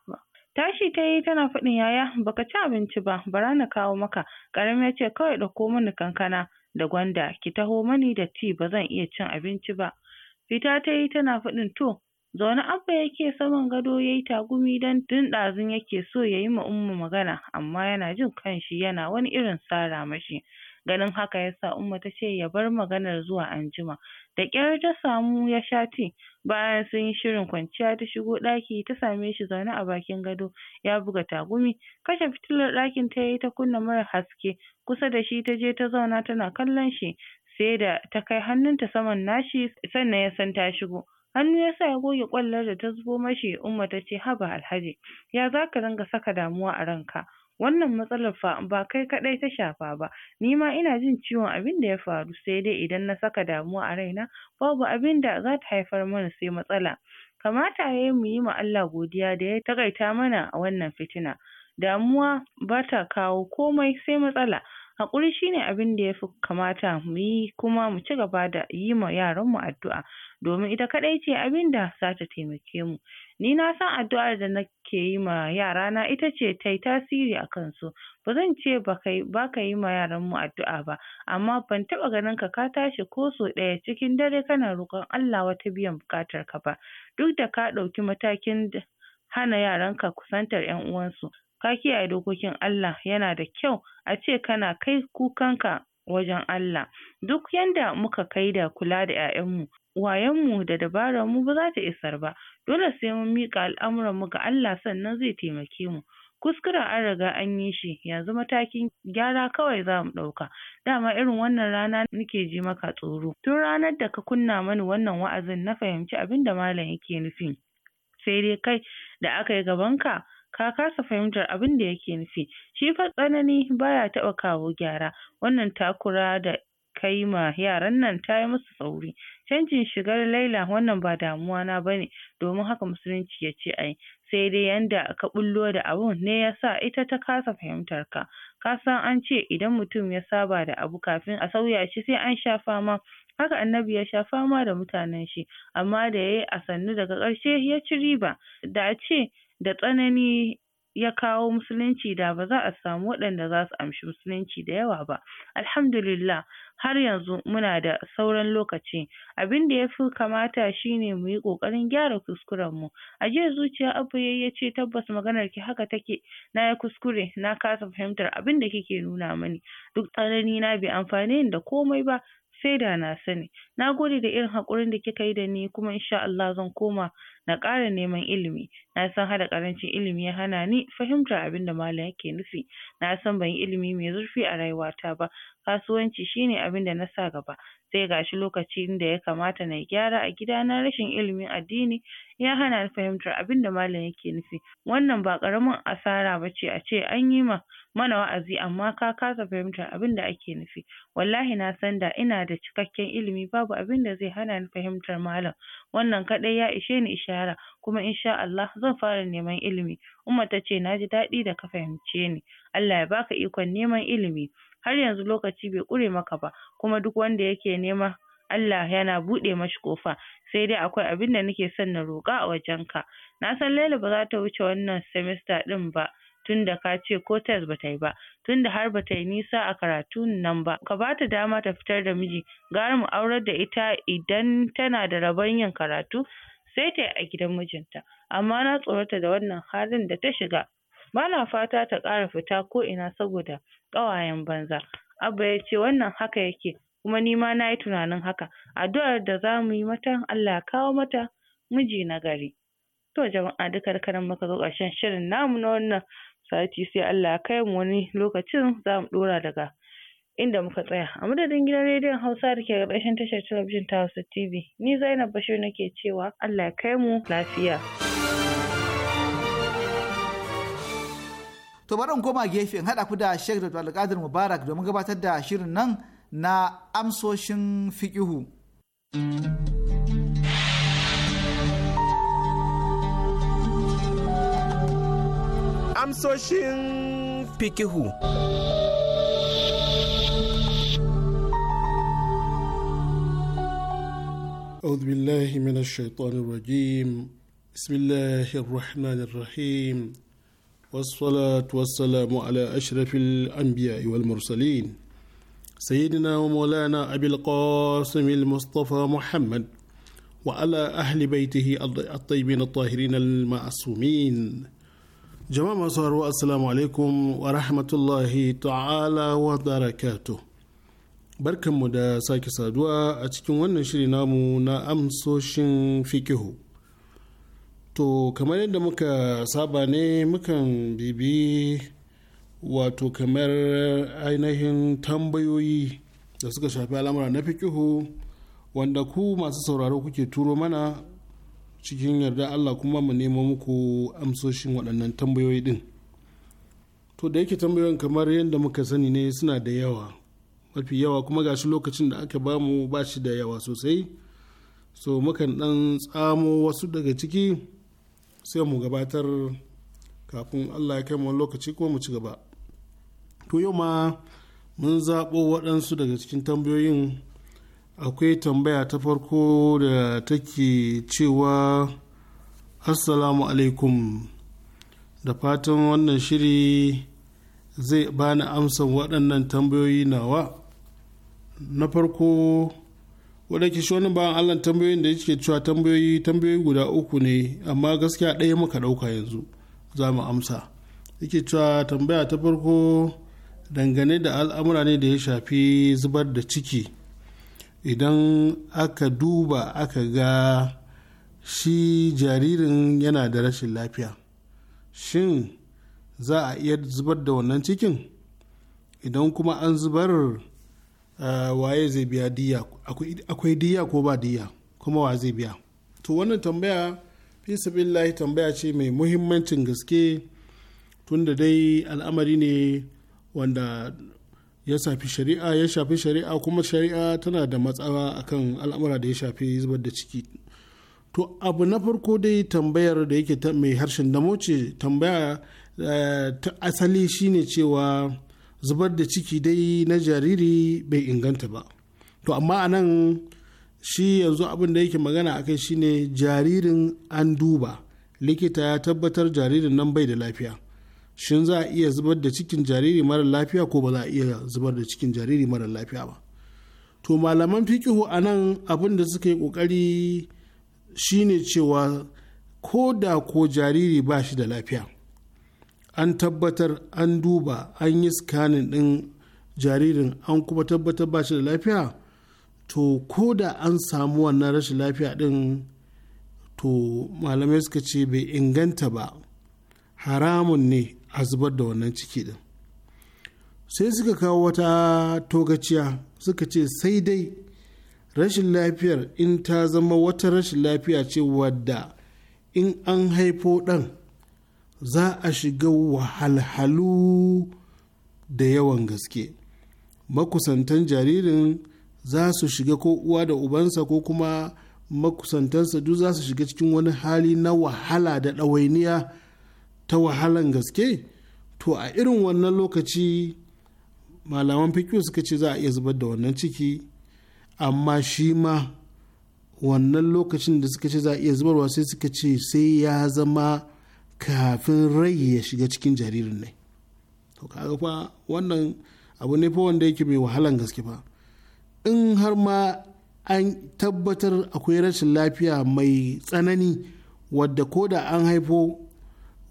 Speaker 5: tashi tayi tana faɗin yaya baka ci abinci ba bara na kawo maka ƙarami yace kawai ɗauko mani kankana da gwanda ki taho mani da tea bazan iya cin abinci ba fita tayi tana faɗin to Zaune Abba yake saman gado yayi tagumi don tun ɗazun yake so ya yi ma Umma magana amma yana jin kanshi yana wani irin sara mashi. Ganin haka yasa Umma ta ce ya bar maganar zuwa anjima. Da ƙyar ta samu ya sha tea, bayan yi shirin kwanciya ta shigo ɗaki ta same shi zaune a bakin gado ya buga tagumi. Kashe fitilar ɗakin yayi ta kunna mara haske, kusa da shi taje ta zauna tana kallon shi sai da ta kai hannunta saman nashi sannan ya san ta shigo. hannu ya sa ya goge ƙwallon da ta zubo mashi Umma ta ce haba Alhaji ya za ka dinga saka damuwa a ranka wannan matsalar fa ba kai kaɗai ta shafa ba ni ma ina jin ciwon abin da ya faru sai dai idan na saka damuwa a raina babu abin da za ta haifar mana sai matsala kamata ya yi mu yi ma Allah godiya da ya taƙaita mana a wannan fitina damuwa ba ta kawo komai sai matsala haƙuri shine abin da ya fi kamata mu yi kuma mu ci gaba da yi ma yaran mu addu'a domin ita kaɗai ce abin da zata taimake mu ni na san addu'ar da nake yi ma yarana ita ce tayi tasiri a kansu zan ce baka yi ma yaran mu addu'a ba amma ban taɓa ganin ka ka tashi ko sau ɗaya cikin dare kana roƙon Allah wata biyan buƙatar ka ba duk da ka ɗauki matakin hana yaranka kusantar 'yan uwansu ka kiyaye dokokin Allah yana da kyau A ace kana kai kukanka wajen Allah duk yanda muka kai da kula da wayan mu da mu ba za isar ba dole sai mun miƙa mu ga Allah sannan zai taimake mu kuskuren an riga an yi shi yanzu matakin gyara kawai zamu ɗauka dama irin wannan rana nake ji maka tsoro tun ranar da ka kunna mani wannan wa'azin na fahimci abinda malam yake nufi sai dai kai da aka yi ka. ka kasa fahimtar da yake nufi shi fa tsanani baya taɓa kawo gyara wannan takura da yi ma yaran nan ta yi musu tsauri canjin shigar Laila wannan ba damuwa na bane domin haka musulunci ya yace ayi sai dai yanda ka ɓullo da abun ne yasa ita ta kasa fahimtar ka ka san an ce idan mutum ya saba da abu kafin a sauya shi sai an sha fama haka annabi ya sha fama da mutanen shi amma da yayi a sannu daga ƙarshe ya ci riba da a da tsanani ya kawo musulunci da ba za a samu waɗanda za su amshi musulunci da yawa ba alhamdulillah har yanzu muna da sauran lokaci abin da ya fi kamata shine muyi ƙoƙarin gyara kuskuren mu jiya zuciya abu ya ce tabbas maganar ki haka take na yi kuskure na kasa fahimtar abin da kike nuna mani duk tsanani na bai amfane ni da komai ba sai da na sani. Na gode da irin haƙurin da kika yi da ni kuma insha Allah zan koma na ƙara neman ilimi. Na san hada ƙarancin ilimi ya hana ni fahimtar abinda da malam yake nufi. Na san ban yi ilimi mai zurfi a rayuwata ba. Kasuwanci shine abin da na sa gaba. Sai gashi lokacin da ya kamata na yi gyara a gidana rashin ilimin addini ya hana ni fahimtar abinda da malam yake nufi. Wannan ba ƙaramin asara ba ce a ce an yi ma mana wa'azi amma ka kasa fahimtar abinda ake nufi wallahi na san da ina da cikakken ilimi babu abinda zai hana ni fahimtar malam wannan kaɗai ya ishe ni ishara kuma insha Allah zan fara neman ilimi Umma tace naji daɗi da ka fahimce ni Allah ya baka ikon neman ilimi har yanzu lokaci bai ƙure maka ba kuma duk wanda yake nema Allah yana buɗe mashi ƙofa sai dai akwai abinda nake son na roƙa a wajenka na san Laila ba za ta wuce wannan semester ɗin ba tunda kace ko test bata yi ba tunda har bata yi nisa a karatun nan ba ka bata dama ta fitar da miji gara mu aurar da ita idan tana da rabon yin karatu sai tayi a gidan mijinta amma na tsorata da wannan halin da ta shiga bana fata ta ƙara fita ko ina saboda ƙawayen banza Abba yace wannan haka yake kuma nima nayi tunanin haka addu'ar da zamu yi mata Allah ya kawo mata miji na gari to jama'a duka da muka zo ƙarshen shirin namu na wannan sati sai Allah ya kaimu wani lokacin za mu ɗora daga inda muka tsaya. A madadin gidan rediyon Hausa da ke ƙarƙashin tashar talabijin ta Hausa TV, ni Zainab Bashir nake cewa Allah ya kai mu lafiya.
Speaker 1: To bari in koma gefe in haɗa ku da Sheikh Dr. Alƙadir Mubarak domin gabatar da shirin nan na amsoshin fiƙihu.
Speaker 2: amsoshin fikihu. أعوذ
Speaker 9: بالله من الشيطان الرجيم بسم الله الرحمن الرحيم والصلاة والسلام على أشرف الأنبياء والمرسلين سيدنا ومولانا أبي القاسم المصطفى محمد وعلى أهل بيته الطيبين الطاهرين المعصومين jama'a masu haruwa assalamu alaikum wa rahmatullahi ta'ala wa barakatu barkanmu da sake saduwa a cikin wannan shiri namu na amsoshin fikihu to kamar yadda muka saba ne mukan bibi wato kamar ainihin tambayoyi da suka shafi al'amura na fikihu wanda ku masu sauraro kuke turo mana cikin yarda Allah kuma mu nemo muku amsoshin waɗannan tambayoyi ɗin. To da yake tambayoyin kamar yadda muka sani ne suna da yawa mafi yawa kuma ga shi lokacin da aka bamu ba shi da yawa sosai so mukan ɗan tsamo wasu daga ciki sai mu gabatar kafin Allah ya kai mu lokaci kuma mu ci gaba. To yau ma mun zaɓo waɗansu daga cikin tambayoyin akwai tambaya ta farko da take cewa assalamu alaikum da fatan wannan shiri zai bani amsan waɗannan tambayoyi nawa na farko wadda ke shi wani bayan allah tambayoyin da yake cewa tambayoyi tambayoyi guda uku ne amma gaskiya ɗaya muka ɗauka yanzu za mu amsa yake cewa tambaya ta farko dangane da al'amura ne da ya shafi zubar da ciki idan aka duba aka ga shi jaririn yana da rashin lafiya shin za a iya zubar da wannan cikin idan kuma an zubar waye zai biya diya akwai diya ko ba diya kuma wa zai biya to wannan tambaya fi sabillahi tambaya ce mai muhimmancin gaske tunda dai al'amari ne wanda ya shafi shari'a ya shafi shari'a kuma shari'a tana da matsawa akan al'amura da ya shafi zubar da ciki to abu na farko dai tambayar da yake mai harshen damo ce tambaya eh, ta asali shine cewa zubar da ciki dai na jariri bai inganta ba to amma a nan shi yanzu abin da yake magana akai shine jaririn an duba likita ya tabbatar jaririn nan bai da lafiya shin za a iya zubar da cikin jariri mara lafiya ko ba za a iya zubar da cikin jariri mara lafiya ba to malaman fikihu a nan abin da suka yi ƙoƙari shine cewa ko da ko jariri ba shi da lafiya an tabbatar an duba an yi scanning ɗin jaririn an kuma tabbatar ba shi da lafiya to ko da an samu wannan rashin lafiya ɗin, to malamai suka ce bai inganta ba haramun ne a zubar da wannan ciki din sai suka kawo wata togaciya suka ce sai dai rashin lafiyar in ta zama wata rashin lafiya ce wadda in an haifo ɗan za a shiga wahalhalu da yawan gaske makusantan jaririn za su shiga ko uwa da ubansa ko kuma makusantansa duk za su shiga cikin wani hali na wahala da ɗawainiya ta wahalan gaske to a irin wannan lokaci malaman fikiyu suka ce za a iya zubar da wannan ciki amma shi ma wannan lokacin da suka ce za a iya zubarwa sai suka ce sai ya zama kafin rai ya shiga cikin jaririn ne to kaga fa wannan abu ne fa wanda yake mai wahalan gaske fa in har ma an tabbatar akwai rashin lafiya mai tsanani wadda ko da an haifo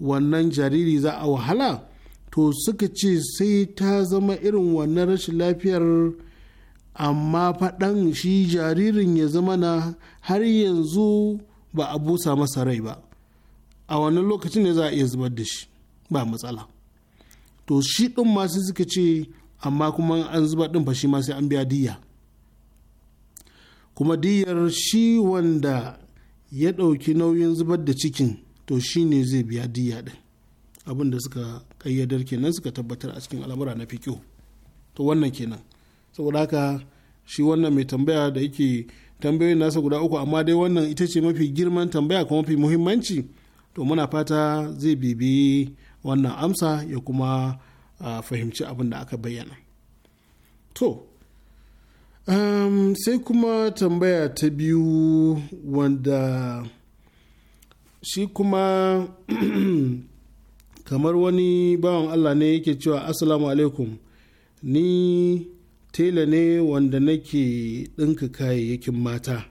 Speaker 9: wannan jariri za a wahala to suka ce sai ta zama irin wannan rashin lafiyar amma faɗan shi jaririn ya zama na har yanzu ba a busa masa rai ba a wannan lokacin ne za a iya zubar da shi ba matsala to shi ɗin ma sai suka ce amma kuma an zubar ɗin fa shi ma sai an biya diya kuma diyar shi wanda ya ɗauki nauyin zubar da cikin to shi ne zai biya diya din abin da suka kayyadar kenan suka tabbatar a cikin al'amura na fiƙo to wannan kenan saboda haka shi wannan mai tambaya da yake tambayoyin nasa guda uku amma dai wannan ita ce mafi girman tambaya kuma mafi muhimmanci to muna fata zai bibi wannan amsa ya kuma fahimci abin da aka bayyana to um, sai kuma tambaya ta biyu wanda shi kuma kamar wani bawan Allah ne yake cewa assalamu alaikum ni tela ne wanda nake ɗinka kayayyakin mata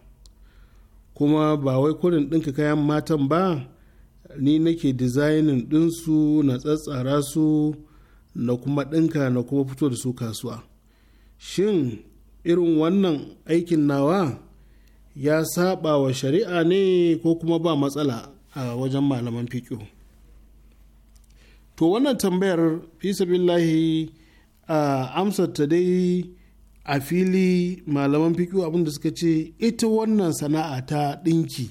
Speaker 9: kuma ba wai kurin ɗinka kayan matan ba ni nake dizainin ɗinsu na tsatsara su na kuma ɗinka na kuma fito da su kasuwa shin irin wannan aikin nawa ya saba wa shari'a ne ko kuma ba matsala a wajen malaman fiƙo to wannan tambayar fisabillahi a ta dai a fili malaman fiƙo abinda suka ce ita wannan sana'a ta ɗinki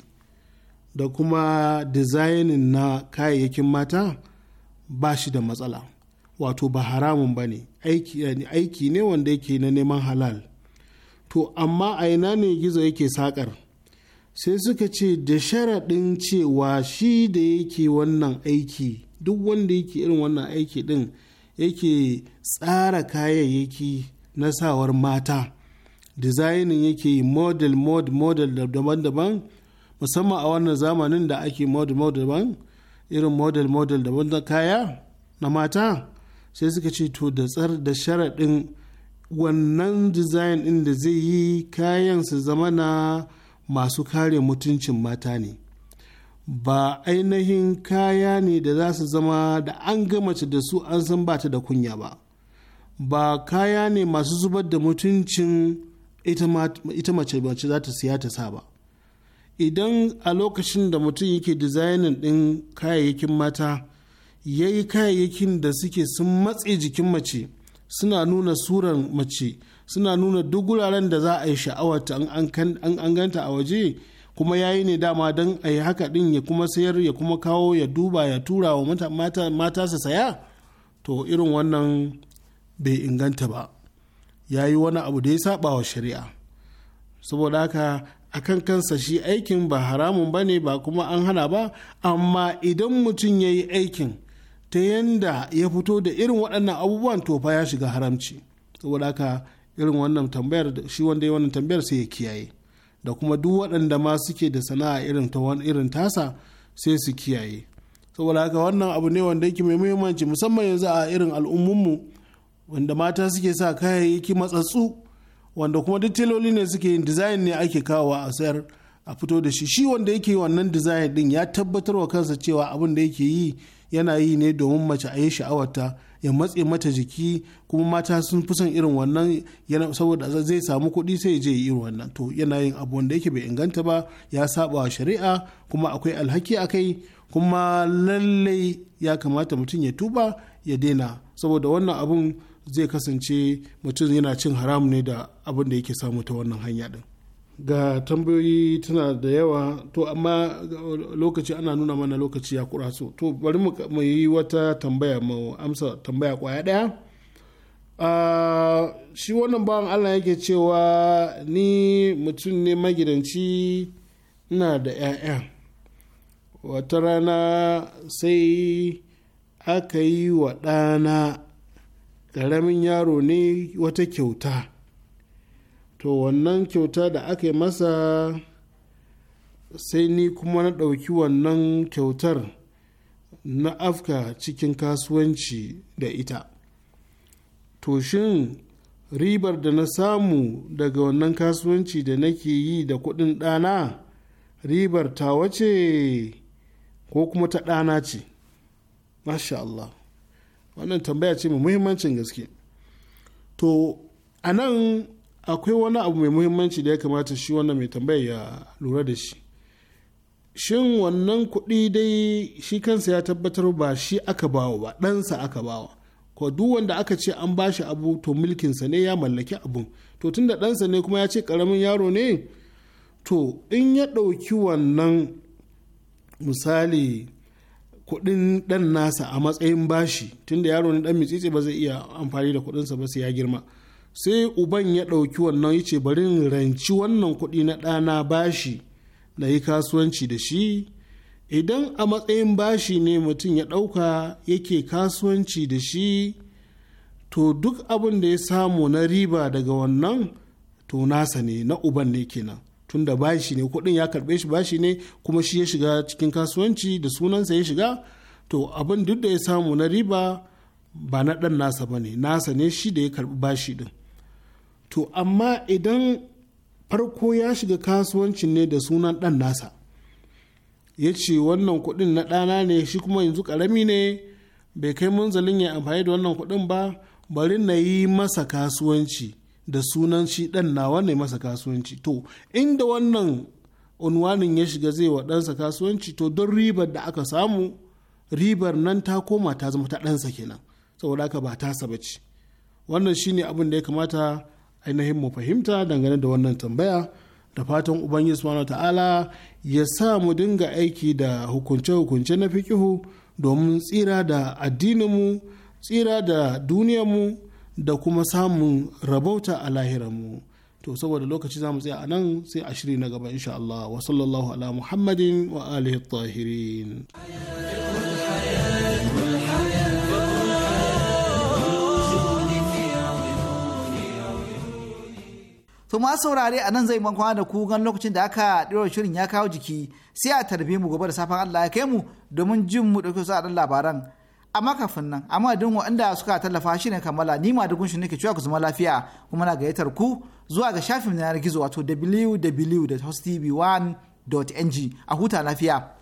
Speaker 9: da kuma dizainin na kayayyakin mata ba shi da matsala wato ba haramun ba ne aiki ne wanda yake na neman halal to amma a ina ne gizo yake saƙar. sai suka ce da sharaɗin cewa shi da yake wannan aiki duk wanda yake irin wannan aiki ɗin yake tsara kayayyaki na sawar mata dizainin yake model model daban-daban musamman a wannan zamanin da ake model model daban irin model model daban da kaya na mata sai suka ce to da tsar da sharaɗin wannan dizayin ɗin da zai yi kayan su zama na masu kare mutuncin mata ne ba ainihin kaya ne da za su zama da an mace da su an san ba ta da kunya ba ba kaya ne masu zubar da mutuncin ita mace mace za ta siya ta sa ba idan a lokacin da mutum yake dizainin ɗin kayayyakin mata ya yi kayayyakin da suke sun matse jikin mace suna nuna suran mace suna nuna duk guraren da za a yi ta an ganta a waje kuma ya yi ne dama don a yi haka din ya kuma sayar ya kuma kawo ya duba ya tura wa mata su saya to irin wannan bai inganta ba ya yi wani abu da ya saba wa shari'a saboda haka akan kansa shi aikin ba haramun ba ne ba kuma an hana ba amma idan mutum ya yi aikin ta yanda ya fito da irin waɗannan abubuwan to fa ya shiga haramci saboda haka irin wannan tambayar shi wanda ya wannan tambayar sai ya kiyaye da kuma duk waɗanda ma suke da sana'a irin ta irin tasa sai su kiyaye saboda haka wannan abu ne wanda yake mai muhimmanci musamman yanzu a irin al'ummunmu wanda mata suke sa kayayyaki matsatsu wanda kuma duk tiloli ne suke yin dizayin ne ake kawowa a sayar a fito da shi shi wanda yake wannan dizayin din ya tabbatar wa kansa cewa abin da yake yi yana yi ne domin mace a yi sha'awarta ya matse mata jiki kuma mata sun fi son irin wannan saboda zai samu kuɗi sai je yi irin wannan to yana yin abu wanda yake bai inganta ba ya saba shari'a kuma akwai alhaki a kai kuma lallai ya kamata mutum ya tuba ya daina saboda wannan abun zai kasance mutum yana cin haramun ne da abin da yake samu ta wannan hanya din ga tambayoyi tana da yawa to amma lokaci ana nuna mana lokaci ya kura su to bari mu yi wata tambaya mu amsa tambaya kwaya daya ah, shi wannan bawan allah yake cewa ni mutum ne magidanci ina da 'ya'ya wata rana sai aka yi wa ɗana ƙaramin yaro ne wata kyauta to wannan kyauta da aka yi masa sai ni kuma na ɗauki wannan kyautar na afka cikin kasuwanci da ita to shin ribar da na samu daga wannan kasuwanci da nake yi da kuɗin ɗana ribar ta wace ko kuma ta ɗana ce masha Allah wannan tambaya ce mai muhimmancin gaske to a nan akwai wani abu mai muhimmanci da ya kamata shi wannan mai tambaya ya lura da shi shin wannan kuɗi dai shi kansa ya tabbatar ba shi aka bawa ba ɗansa aka bawa ko duk wanda aka ce an bashi abu to mulkinsa ne ya mallaki abun to tunda ɗansa ne kuma ya ce ƙaramin yaro ne to in ya ɗauki wannan misali kuɗin ɗan nasa a matsayin bashi tunda yaro ne ɗan mitsitsi ba zai iya amfani da kuɗinsa ba sai ya girma sai uban ya ɗauki wannan ya ce bari in ranci wannan kuɗi na ɗana bashi na yi kasuwanci da shi idan a matsayin bashi ne mutum ya ɗauka yake kasuwanci da shi to duk abin da ya samu na riba daga wannan to nasa ne na uban ne kenan Tun da bashi ne kuɗin ya karɓe shi bashi ne kuma shi ya shiga cikin kasuwanci da sunansa ya shiga to abin duk da ya samu na riba ba na ɗan nasa ba ne nasa ne shi da ya karɓi bashi ɗin to amma idan farko ya shiga kasuwanci ne da sunan ɗan nasa ya ce wannan kuɗin na ɗana ne shi kuma yanzu ƙarami ne bai kai munzalin ya amfani da wannan kuɗin ba bari na yi masa kasuwanci da sunan shi ɗan nawa ne masa kasuwanci to inda wannan unwanin ya shiga zai wa ɗansa kasuwanci to don ribar da aka samu ribar nan ta koma ta zama ta ɗansa kenan saboda haka ba ta saba ce wannan shine abin da ya kamata ainihin mu fahimta dangane da wannan tambaya da fatan ubangiji subhanahu ta'ala ya sa mu dinga aiki da hukunce-hukunce na fikihu domin tsira da addininmu tsira da duniyarmu da kuma samun rabauta a lahiranmu to saboda lokaci za mu tsaya a nan sai a shiri na gaba insha Allah wa sallallahu ala muhammadin wa alihi tahirin
Speaker 1: To ma saurare a nan zai ban kwana da ku gan lokacin da aka ɗiro shirin ya kawo jiki sai a tarbe mu gobe da safen Allah ya kai mu domin jin mu ɗauke su a labaran. Amma kafin nan, amma duk waɗanda suka tallafa shi ne kammala ni ma dukun shi nake cewa ku zama lafiya kuma na gayyatar ku zuwa ga shafin na yanar gizo wato www.hostv1.ng a huta lafiya.